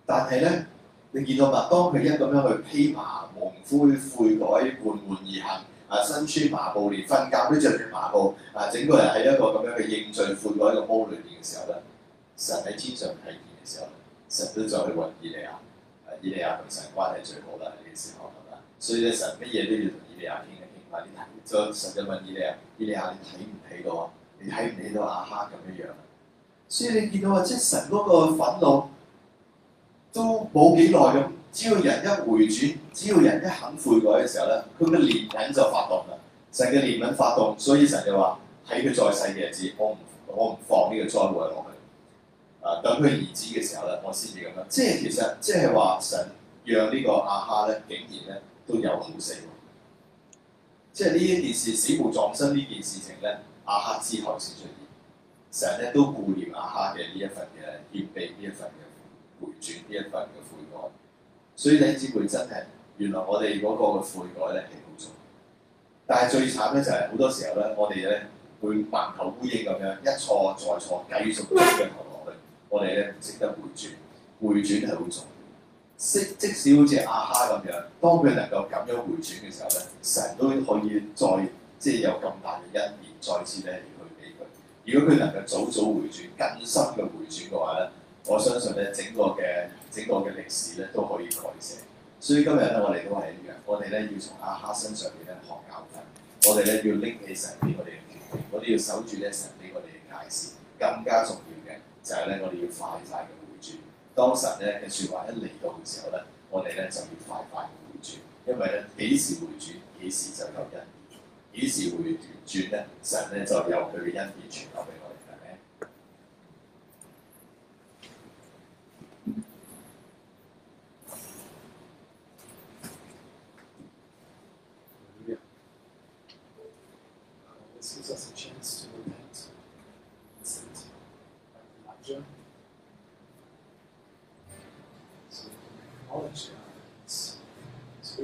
但係咧，你見到嘛，當佢一咁樣去披麻蒙灰，悔改，緩緩而行。啊！身穿麻布連，連瞓覺都着住麻布。啊！整個人喺一個咁樣嘅認罪悔過一個 mood 裏面嘅時候咧，神喺天上睇見嘅時候，神都再去問以利亞。啊！以利亞同神關係最好啦，呢、這個時候咁啦、嗯，所以咧神乜嘢都要同以利亞傾一傾。快啲睇，將神就問以利亞：以利亞你，你睇唔睇到？你睇唔睇到亞哈咁樣樣？所以你見到啊，即神嗰個憤怒都冇幾耐咁。只要人一回轉，只要人一肯悔改嘅時候咧，佢嘅憐憫就發動啦。神嘅憐憫發動，所以神就話：喺佢在世嘅日子，我唔我唔放呢個災禍落去。啊，等佢兒子嘅時候咧，我先至咁樣。即係其實即係話神讓呢個阿哈咧，竟然咧都有好死。即係呢一件事，死無葬身呢件事情咧，阿哈之後先出現。成日咧都顧念阿哈嘅呢一份嘅謙卑，呢一份嘅回轉，呢一份嘅悔改。所以粒子回真咧，原來我哋嗰個嘅悔改咧係好重要，但係最慘咧就係好多時候咧，我哋咧會盲頭烏蠅咁樣一錯再錯，繼續追嘅頭落去。我哋咧唔識得回轉，回轉係好重要。即即使好似亞哈咁樣，當佢能夠咁樣回轉嘅時候咧，成日都可以再即係有咁大嘅恩典，再次咧去俾佢。如果佢能夠早早回轉，更深嘅回轉嘅話咧。我相信咧，整個嘅整個嘅歷史咧都可以改寫，所以今日咧我哋都係一樣，我哋咧要從阿哈身上邊咧學教訓，我哋咧要拎起神俾我哋嘅，我哋要守住咧神俾我哋嘅戒示，更加重要嘅就係咧我哋要快快嘅回轉，當神咧嘅説話一嚟到嘅時候咧，我哋咧就要快快回轉，因為咧幾時回轉幾時就有恩；幾時回轉咧神咧就有佢嘅恩典傳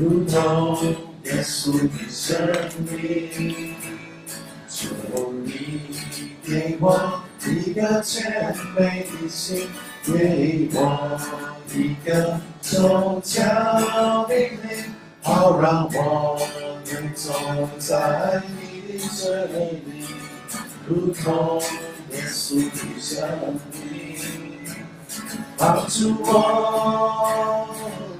如同耶穌的生命，求你給我一個謙卑的心，給我一個忠誠的靈，好讓我能走在你的追隨裡，如同耶穌的生命，幫助我。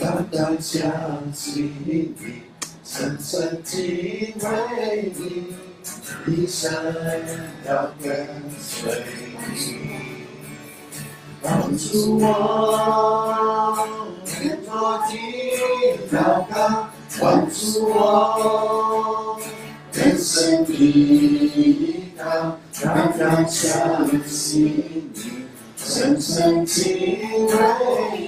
常常想起你，深深記起你，一生要跟隨你。幫助我，天多你。高高；幫助我，人生地高高。常常想起你，深深記起。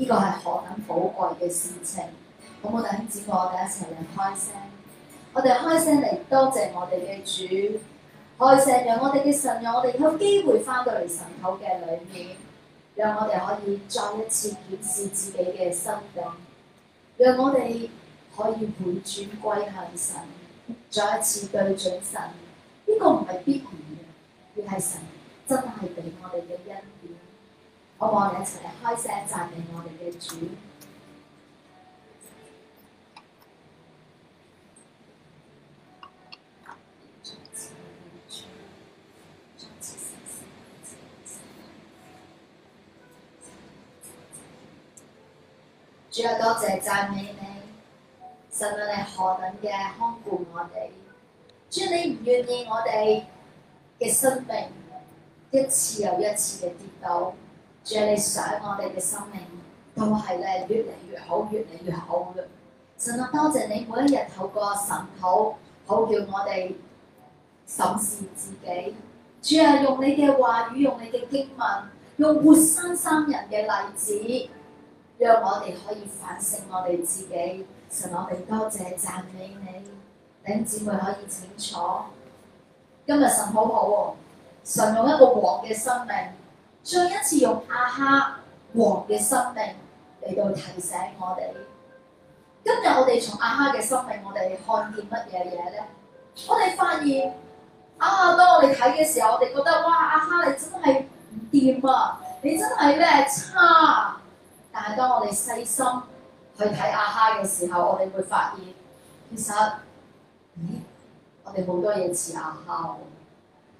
呢個係何等寶貴嘅事情，好唔等，弟兄姊妹，我哋一齊嚟，開聲，我哋開聲嚟多謝我哋嘅主，開聲讓我哋嘅神讓我哋有機會翻到嚟神口嘅裏面，讓我哋可以再一次檢視自己嘅生命，讓我哋可以回轉歸向神，再一次對準神。呢、這個唔係必然嘅，要係神真係俾我哋嘅恩。我和你一齊開聲讚美我哋嘅主，主啊，多謝讚美你，神，你何等嘅看顧我哋，主，你唔願意我哋嘅生命一次又一次嘅跌倒。主啊，你想我哋嘅生命都係咧越嚟越好，越嚟越好嘅。神啊，多謝你每一日透過神好，好叫我哋審視自己。主啊，用你嘅話語，用你嘅經文，用活生生人嘅例子，讓我哋可以反省我哋自己。神，我哋多謝讚美你，等姊妹可以清楚。今日神好好，神用一個王嘅生命。上一次用阿哈王嘅生命嚟到提醒我哋，今日我哋從阿哈嘅生命我見，我哋看見乜嘢嘢咧？我哋發現啊，當我哋睇嘅時候，我哋覺得哇，阿哈你真係唔掂啊，你真係咧差。但係當我哋細心去睇阿哈嘅時候，我哋會發現，其實、嗯、我哋好多嘢似阿哈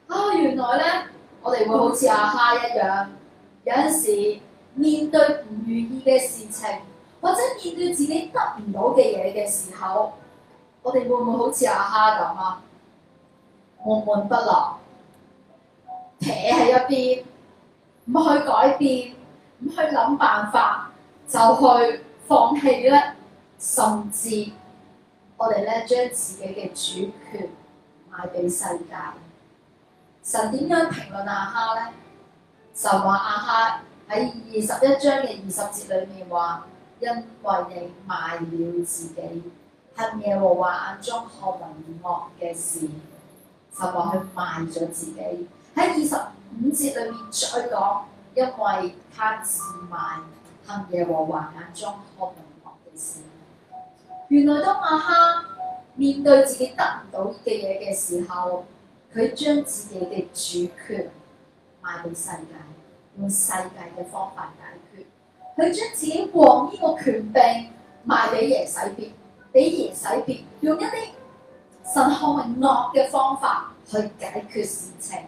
喎。啊，原來咧～我哋會好似亞哈一樣，有陣時面對唔如意嘅事情，或者面對自己得唔到嘅嘢嘅時候，我哋會唔會好似亞哈咁啊？悶悶不樂，撇喺一邊，唔去改變，唔去諗辦法，就去放棄咧，甚至我哋咧將自己嘅主權賣俾世界。神點樣評論亞哈咧？神話亞哈喺二十一章嘅二十節裏面話：因為你賣了自己，行耶和華眼中看為惡嘅事。神話佢賣咗自己。喺二十五節裏面再講，因為他自賣行耶和華眼中看為惡嘅事。原來當亞哈面對自己得唔到嘅嘢嘅時候，佢將自己嘅主權賣俾世界，用世界嘅方法解決。佢將自己王呢個權柄賣俾耶洗別，俾耶洗別用一啲神惡嘅方法去解決事情。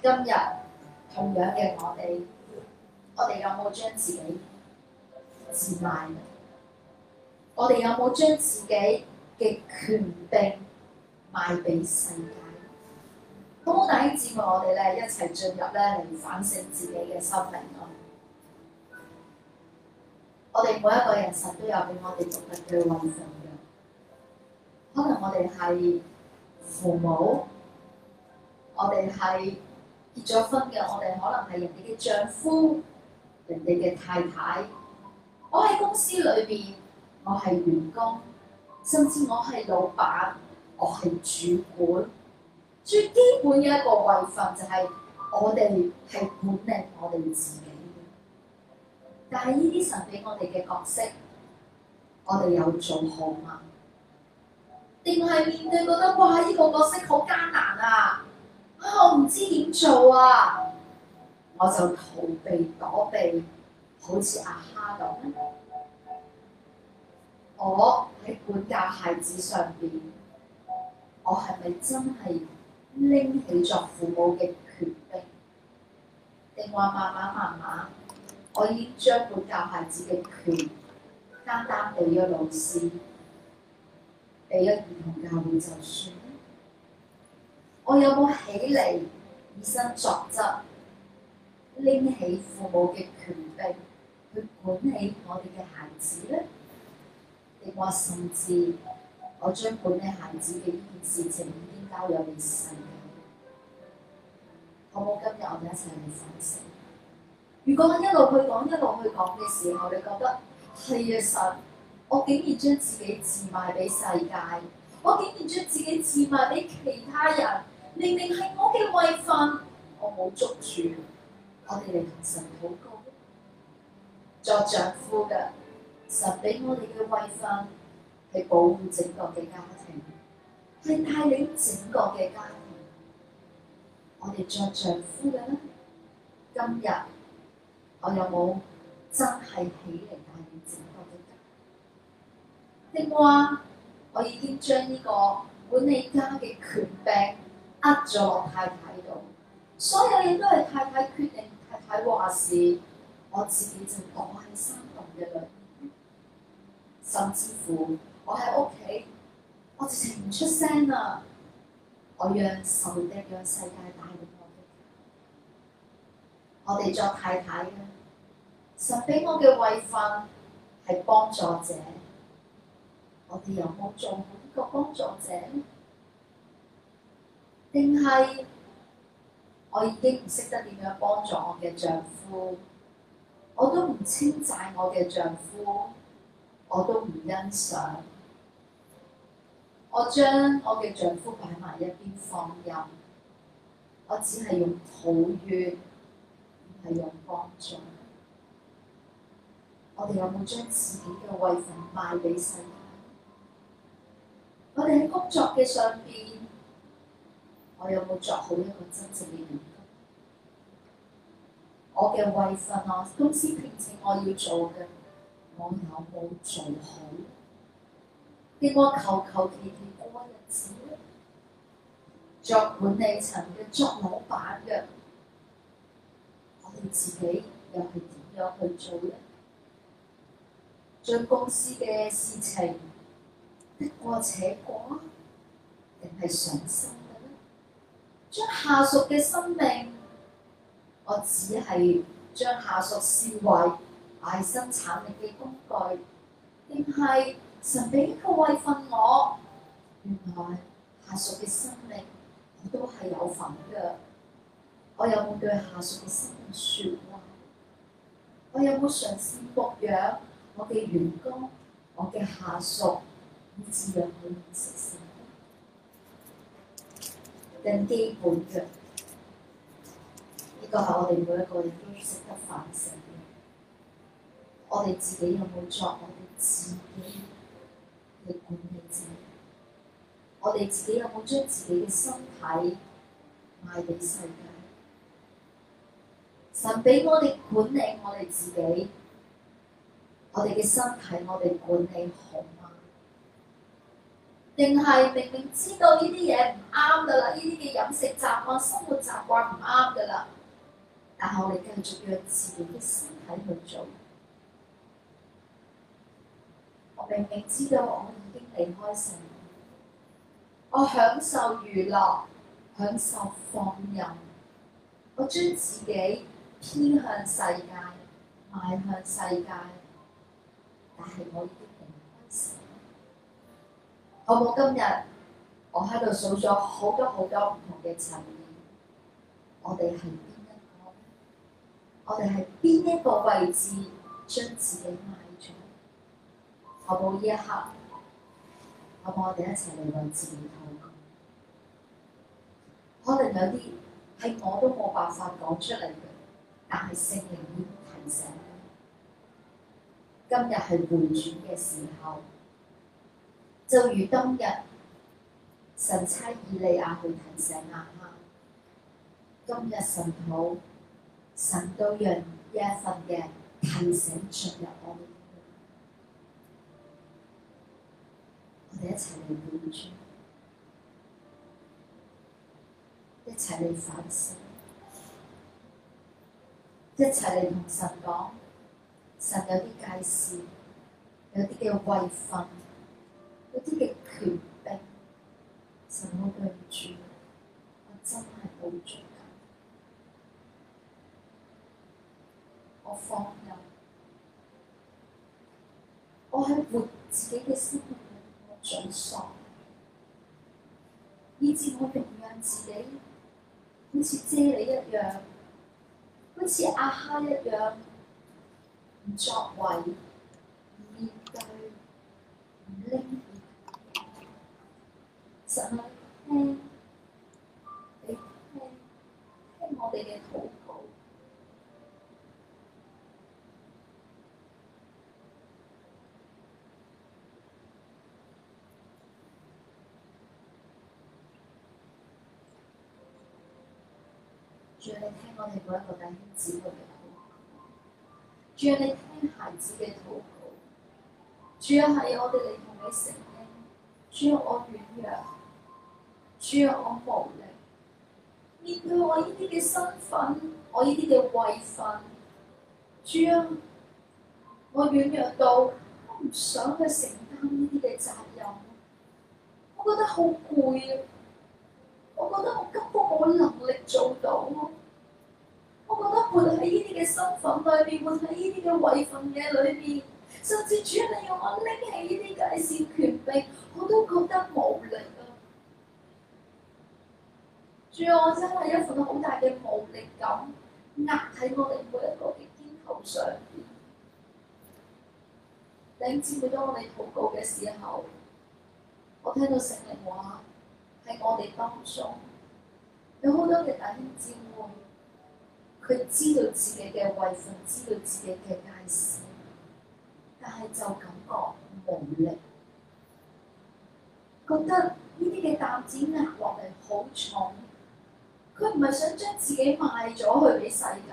今日同樣嘅我哋，我哋有冇將自己自賣？我哋有冇將自己嘅權柄賣俾世界？都大恩我哋咧一齊進入咧嚟反省自己嘅心靈咯。我哋每一個人實都有俾我哋獨立嘅位置嘅，可能我哋係父母，我哋係結咗婚嘅，我哋可能係人哋嘅丈夫，人哋嘅太太。我喺公司裏邊，我係員工，甚至我係老闆，我係主管。最基本嘅一個位份就係我哋係管理我哋自己，但係呢啲神俾我哋嘅角色，我哋有做好嗎？定係面對覺得哇，呢個角色好艱難啊！啊我唔知點做啊！我就逃避躲避，好似阿、啊、哈噉，我喺管教孩子上邊，我係咪真係拎起作父母嘅權力，定話慢慢慢慢，我已將管教孩子嘅權單單畀咗老師，畀咗兒童教會就算。我有冇起嚟以身作則，拎起父母嘅權力去管理我哋嘅孩子咧？定話甚至我將管理孩子嘅呢件事情已經交咗畀神？好冇今日我哋一齊嚟反省。如果我一路去講一路去講嘅時候，你覺得係啊神，我竟然將自己自賣俾世界，我竟然將自己自賣俾其他人，明明係我嘅位份，我冇捉住。我哋嚟同神禱告，作丈夫嘅神俾我哋嘅位份係保護整個嘅家庭，係帶領整個嘅家庭。我哋着丈夫嘅呢？今日我有冇真係起嚟帶領整個嘅家？定話我，我已經將呢個管理家嘅權柄呃咗我太太度，所有嘢都係太太決定，太太話事。我自己就躲喺山洞嘅裏面，甚至乎我喺屋企，我直情唔出聲啦。我讓受定嘅世界我哋做太太嘅神俾我嘅位份係幫助者，我哋有冇做呢個幫助者？定係我已經唔識得點樣幫助我嘅丈夫？我都唔稱讚我嘅丈夫，我都唔欣賞，我將我嘅丈夫擺埋一邊放任，我只係用抱怨。係用幫助我有有？我哋有冇將自己嘅位份賣俾世界？我哋喺工作嘅上邊，我有冇作好一個真正嘅員工？我嘅位份啊，公司聘請我要做嘅，我有冇做好？定我求求其其過日子嘅，作管理層嘅，作老闆嘅？自己又係點樣去做呢？將公司嘅事情得過且過，定係上心嘅呢？將下屬嘅生命，我只係將下屬視為賣生產力嘅工具，定係神俾個位份我？原來下屬嘅生命，都係有份嘅。我有冇對下屬嘅心説話？我有冇嘗試博養我嘅員工，我嘅下屬？你知唔知我係點做先？呢啲舉呢個我哋每一個人都值得反省嘅。我哋自己有冇作我哋自己嘅管理者？我哋自己有冇將自己嘅身體賣俾世界？神俾我哋管理我哋自己，我哋嘅身體我哋管理好嗎？定係明明知道呢啲嘢唔啱噶啦，呢啲嘅飲食習慣、生活習慣唔啱噶啦，但係我哋繼續讓自己嘅身體去做。我明明知道我已經離開神，我享受娛樂，享受放任，我將自己，偏向世界，邁向世界，但係我已都唔關事。好冇，今日，我喺度數咗好多好多唔同嘅層面，我哋係邊一個？我哋係邊一個位置將自己賣咗？好冇，呢一刻，好冇，我哋一齊嚟為自己講。可能有啲係我都冇辦法講出嚟嘅。但係聖靈提醒，今日係回轉嘅時候，就如當日神差以利亞去提醒亞哈，今日神好，神都讓一份嘅提醒進入我哋，我哋一齊嚟回轉，一齊嚟反思。一齊嚟同神講，神有啲介事，有啲嘅位分，有啲嘅權柄，神我對唔住，我真係無罪我放任，我喺活自己嘅生命，我最爽，以至我容讓自己好似啫喱一樣。好似阿哈一樣，唔作為，唔面對，唔拎，實係聽你聽聽我哋嘅肚。我哋每一個弟兄姊妹嘅，主要你聽孩子嘅禱告，主要係我哋嚟同你承認，主要我軟弱，主要我無力，面對我呢啲嘅身份，我呢啲嘅位份，主要我軟弱到，我唔想去承擔呢啲嘅責任，我覺得好攰啊！我覺得我根本冇能力做到我覺得活喺呢啲嘅身份裏面，活喺呢啲嘅位份嘢裏面，甚至主要我拎起呢啲界線權柄，我都覺得無力啊！主啊，我真係一份好大嘅無力感壓喺我哋每一個嘅肩頭上邊。領子會，當我哋禱告嘅時候，我聽到成神話喺我哋當中有好多嘅大天子會。佢知道自己嘅位份，知道自己嘅大事，但係就感覺無力，覺得呢啲嘅擔子壓落嚟好重。佢唔係想將自己賣咗去俾世界，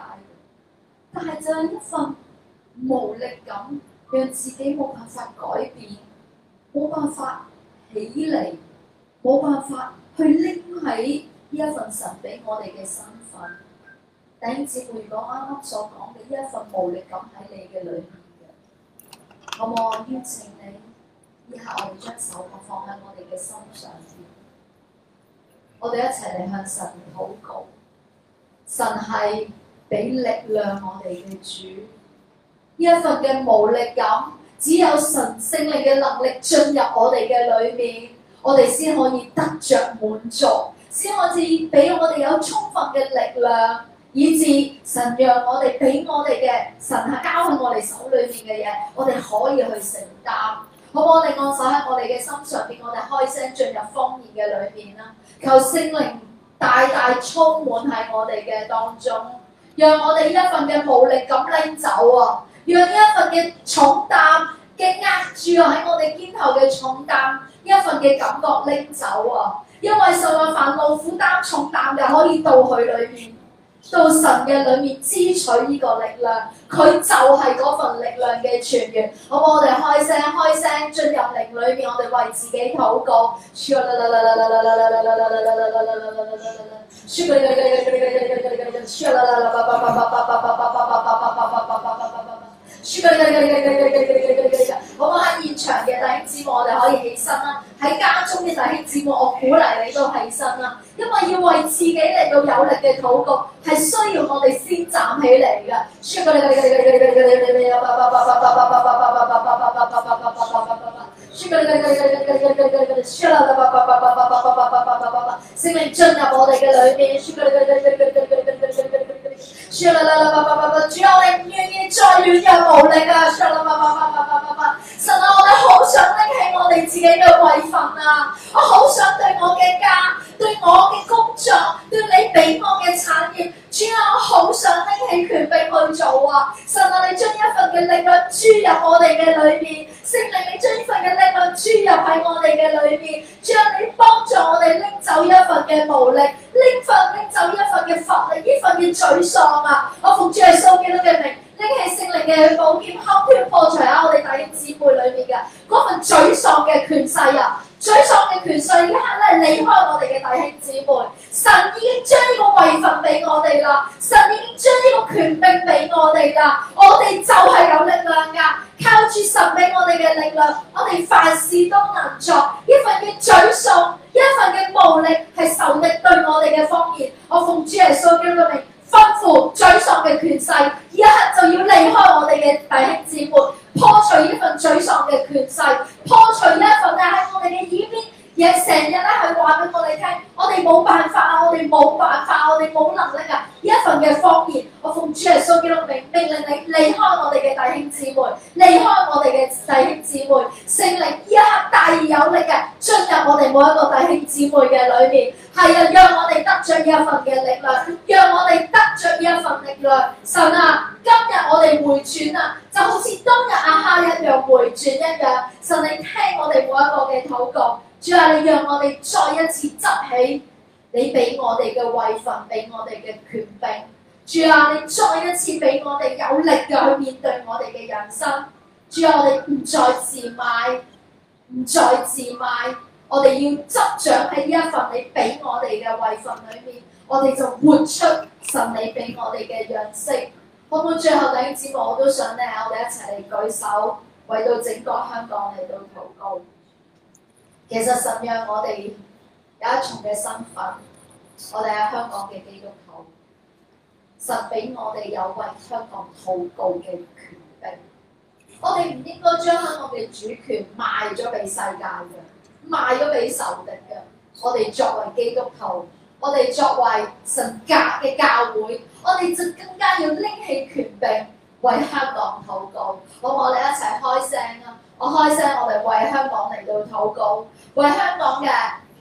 但係就係一份無力感，讓自己冇辦法改變，冇辦法起嚟，冇辦法去拎起呢一份神俾我哋嘅身份。頂住！如果啱啱所講嘅呢一份無力感喺你嘅裏面嘅，好冇？我邀請你，以後我哋將手腳放喺我哋嘅心上面，我哋一齊嚟向神禱告。神係俾力量我哋嘅主，呢一份嘅無力感，只有神聖靈嘅能力進入我哋嘅裏面，我哋先可以得着滿足，先可以俾我哋有充分嘅力量。以至神讓我哋俾我哋嘅神客交喺我哋手裏邊嘅嘢，我哋可以去承擔。好，我哋按手喺我哋嘅心上邊，我哋開聲進入方言嘅裏面啦。求聖靈大大充滿喺我哋嘅當中，讓我哋呢一份嘅無力感拎走啊，讓呢一份嘅重、重擔，嘅壓住喺我哋肩頭嘅重擔，呢一份嘅感覺拎走啊，因為受嘅煩惱負擔重擔就可以到去裏面。到神嘅裏面支取呢個力量，佢就係嗰份力量嘅泉源。好，我哋開聲，開聲進入靈裏面，我哋為自己禱告。咁喺現場嘅弟兄姊妹，我哋可以起身啦；喺家中嘅弟兄姊妹，我鼓勵你都起身啦。因為要為自己嚟到有力嘅禱告，係需要我哋先站起嚟㗎。主啦啦啦叭叭叭叭，主啊你唔願意再軟弱無力啊！主啦叭叭叭叭叭叭，神啊我哋好想拎起我哋自己嘅位份啊！我好想對我嘅家，對我嘅工作，對你俾我嘅產業，主啊，我好想拎起權柄去做啊！神啊，你將一份嘅力量注入我哋嘅裏面，聖靈你將一份嘅力量注入喺我哋嘅裏面，主啊，你幫助我哋拎走一份嘅無力，拎份拎走一份嘅乏力，呢份嘅沮喪啊！我服住係掃地多嘅命。呢係聖靈嘅保險，拋開破除喺我哋弟兄姊妹裏面嘅嗰份沮喪嘅權勢啊！沮喪嘅權勢，一刻咧離開我哋嘅弟兄姊妹。神已經將呢個位份俾我哋啦，神已經將呢個權柄俾我哋啦，我哋就係有力量噶，靠住神俾我哋嘅力量，我哋凡事都能做。一份嘅沮喪，一份嘅無力，係仇敵對我哋嘅方言。我奉主耶穌嘅名。吩咐沮喪嘅權勢一刻就要離開我哋嘅弟兄姊妹，破除一份沮喪嘅權勢，破除一份喺我哋嘅耳邊。亦成日咧，佢話俾我哋聽，我哋冇辦法啊！我哋冇辦法，我哋冇能力啊！一份嘅方言，我奉主耶穌嘅名命令你離開我哋嘅弟兄姊妹，離開我哋嘅弟兄姊妹，聖靈一刻大而有力嘅進入我哋每一個弟兄姊妹嘅裏面，係啊！讓我哋得著一份嘅力量，讓我哋得著一份力量。神啊，今日我哋回轉啊，就好似當日阿哈一樣回轉一樣。神，你聽我哋每一個嘅禱告。主啊！你讓我哋再一次執起你俾我哋嘅位份，俾我哋嘅權柄。主啊！你再一次俾我哋有力嘅去面對我哋嘅人生。主啊！我哋唔再自賣，唔再自賣。我哋要執掌喺呢一份你俾我哋嘅位份裏面，我哋就活出神你俾我哋嘅樣式。好唔好？最後呢個節目我都想咧，我哋一齊嚟舉手為到整個香港嚟到禱告。其實神讓我哋有一重嘅身份，我哋係香港嘅基督徒。神俾我哋有為香港禱告嘅權柄，我哋唔應該將香港嘅主權賣咗俾世界嘅，賣咗俾仇敵嘅。我哋作為基督徒，我哋作為神格嘅教會，我哋就更加要拎起權柄為香港禱告。好，我哋一齊開聲啊！我開聲，我哋為香港嚟到禱告，為香港嘅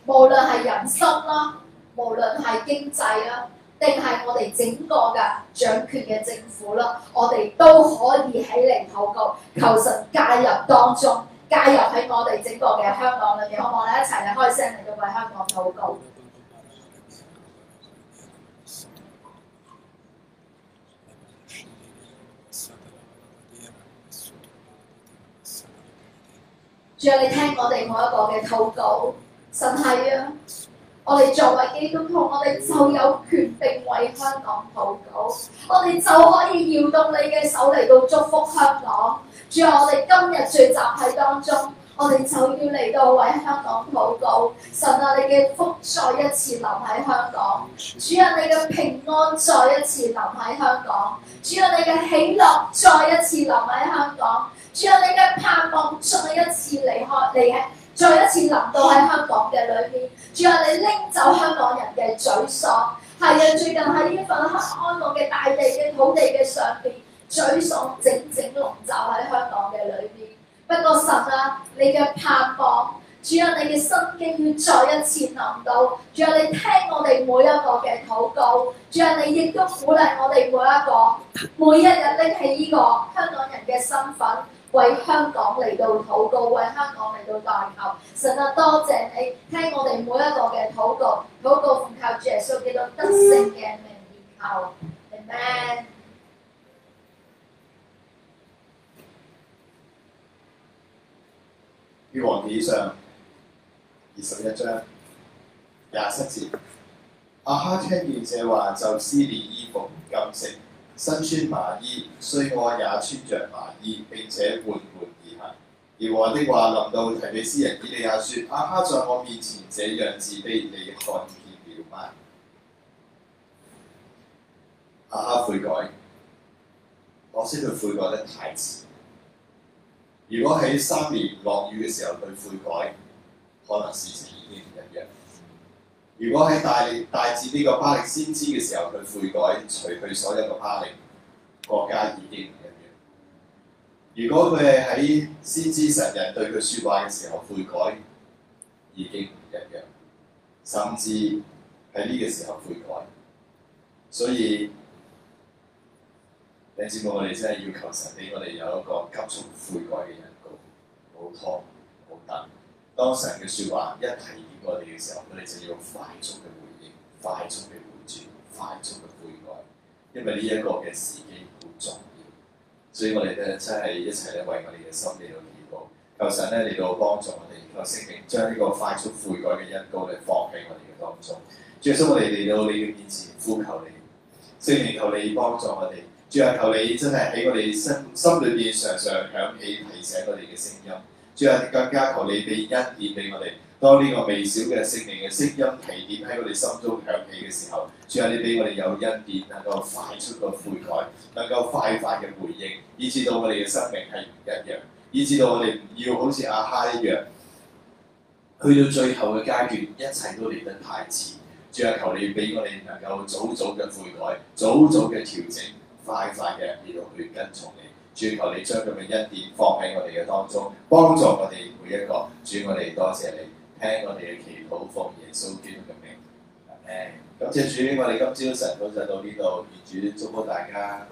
無論係人心啦，無論係經濟啦，定係我哋整個嘅掌權嘅政府啦，我哋都可以喺嚟禱告，求神介入當中，介入喺我哋整個嘅香港裏面，我哋一齊嚟開聲嚟到為香港禱告。主啊，你聽我哋每一個嘅禱告，神係啊，我哋作為基督徒，我哋就有權柄為香港禱告，我哋就可以搖動你嘅手嚟到祝福香港。主啊，我哋今日聚集喺當中，我哋就要嚟到為香港禱告。神啊，你嘅福再一次留喺香港，主啊，你嘅平安再一次留喺香港，主啊，你嘅喜樂再一次留喺香港。主啊，你嘅盼望再一次嚟開你嘅，再一次臨到喺香港嘅裏面。仲有你拎走香港人嘅沮喪，係啊，最近喺呢份黑暗嘅大地嘅土地嘅上邊，沮喪整整籠罩喺香港嘅裏面。不過神啊，你嘅盼望，主有你嘅心經要再一次臨到。仲有你聽我哋每一個嘅禱告，仲有你亦都鼓勵我哋每一個，每一日拎起呢個香港人嘅身份。為香港嚟到禱告，為香港嚟到代求，神啊，多謝你聽我哋每一個嘅禱告，禱告奉靠主耶穌嘅一個得勝嘅名而求，Amen。列王紀上二十一章廿七節，亞哈聽完這話就撕裂衣服禁食，禁食。身穿麻衣，雖我也穿着麻衣，並且緩緩而行。耶和華的話，臨到提比斯人以利亞説：亞哈在我面前這樣自卑，你看見了嗎？亞哈悔改，可惜佢悔改得太遲。如果喺三年落雨嘅時候佢悔改，可能事情已經唔一樣。如果喺大大致呢個巴力先知嘅時候佢悔改，除去所有嘅巴力國家已經唔一樣；如果佢係喺先知神人對佢説話嘅時候悔改，已經唔一樣，甚至喺呢個時候悔改。所以你知唔知我哋真係要求神俾我哋有一個急速悔改嘅人工？冇拖冇得。當神嘅説話一睇。我哋嘅時候，我哋就要快速嘅回應、快速嘅回轉、快速嘅悔改，因為呢一個嘅時機好重要。所以我哋咧真係一齊咧為我哋嘅心嚟到禱告，求神咧嚟到幫助我哋，求聖靈將呢個快速悔改嘅恩膏咧放喺我哋嘅當中。最終我哋嚟到你嘅面前呼求你，聖靈求你幫助我哋。主啊，求你真係喺我哋心心裏邊常常響起提醒我哋嘅聲音。主啊，更加求你俾恩典俾我哋。當呢個微小嘅聖靈嘅聲音提點喺我哋心中響起嘅時候，主啊，你俾我哋有恩典能夠快速嘅悔改，能夠快快嘅回應，以致到我哋嘅生命係唔一樣，以致到我哋唔要好似阿哈一樣，去到最後嘅階段，一切都嚟得太遲。主啊，求你俾我哋能夠早早嘅悔改，早早嘅調整，快快嘅嚟到去跟從你。主求你將咁嘅恩典放喺我哋嘅當中，幫助我哋每一個。主，我哋多謝，謝你。聽我哋嘅祈禱，奉耶穌基督嘅名。誒、啊，感謝主，我哋今朝晨早就到呢度，願主祝福大家。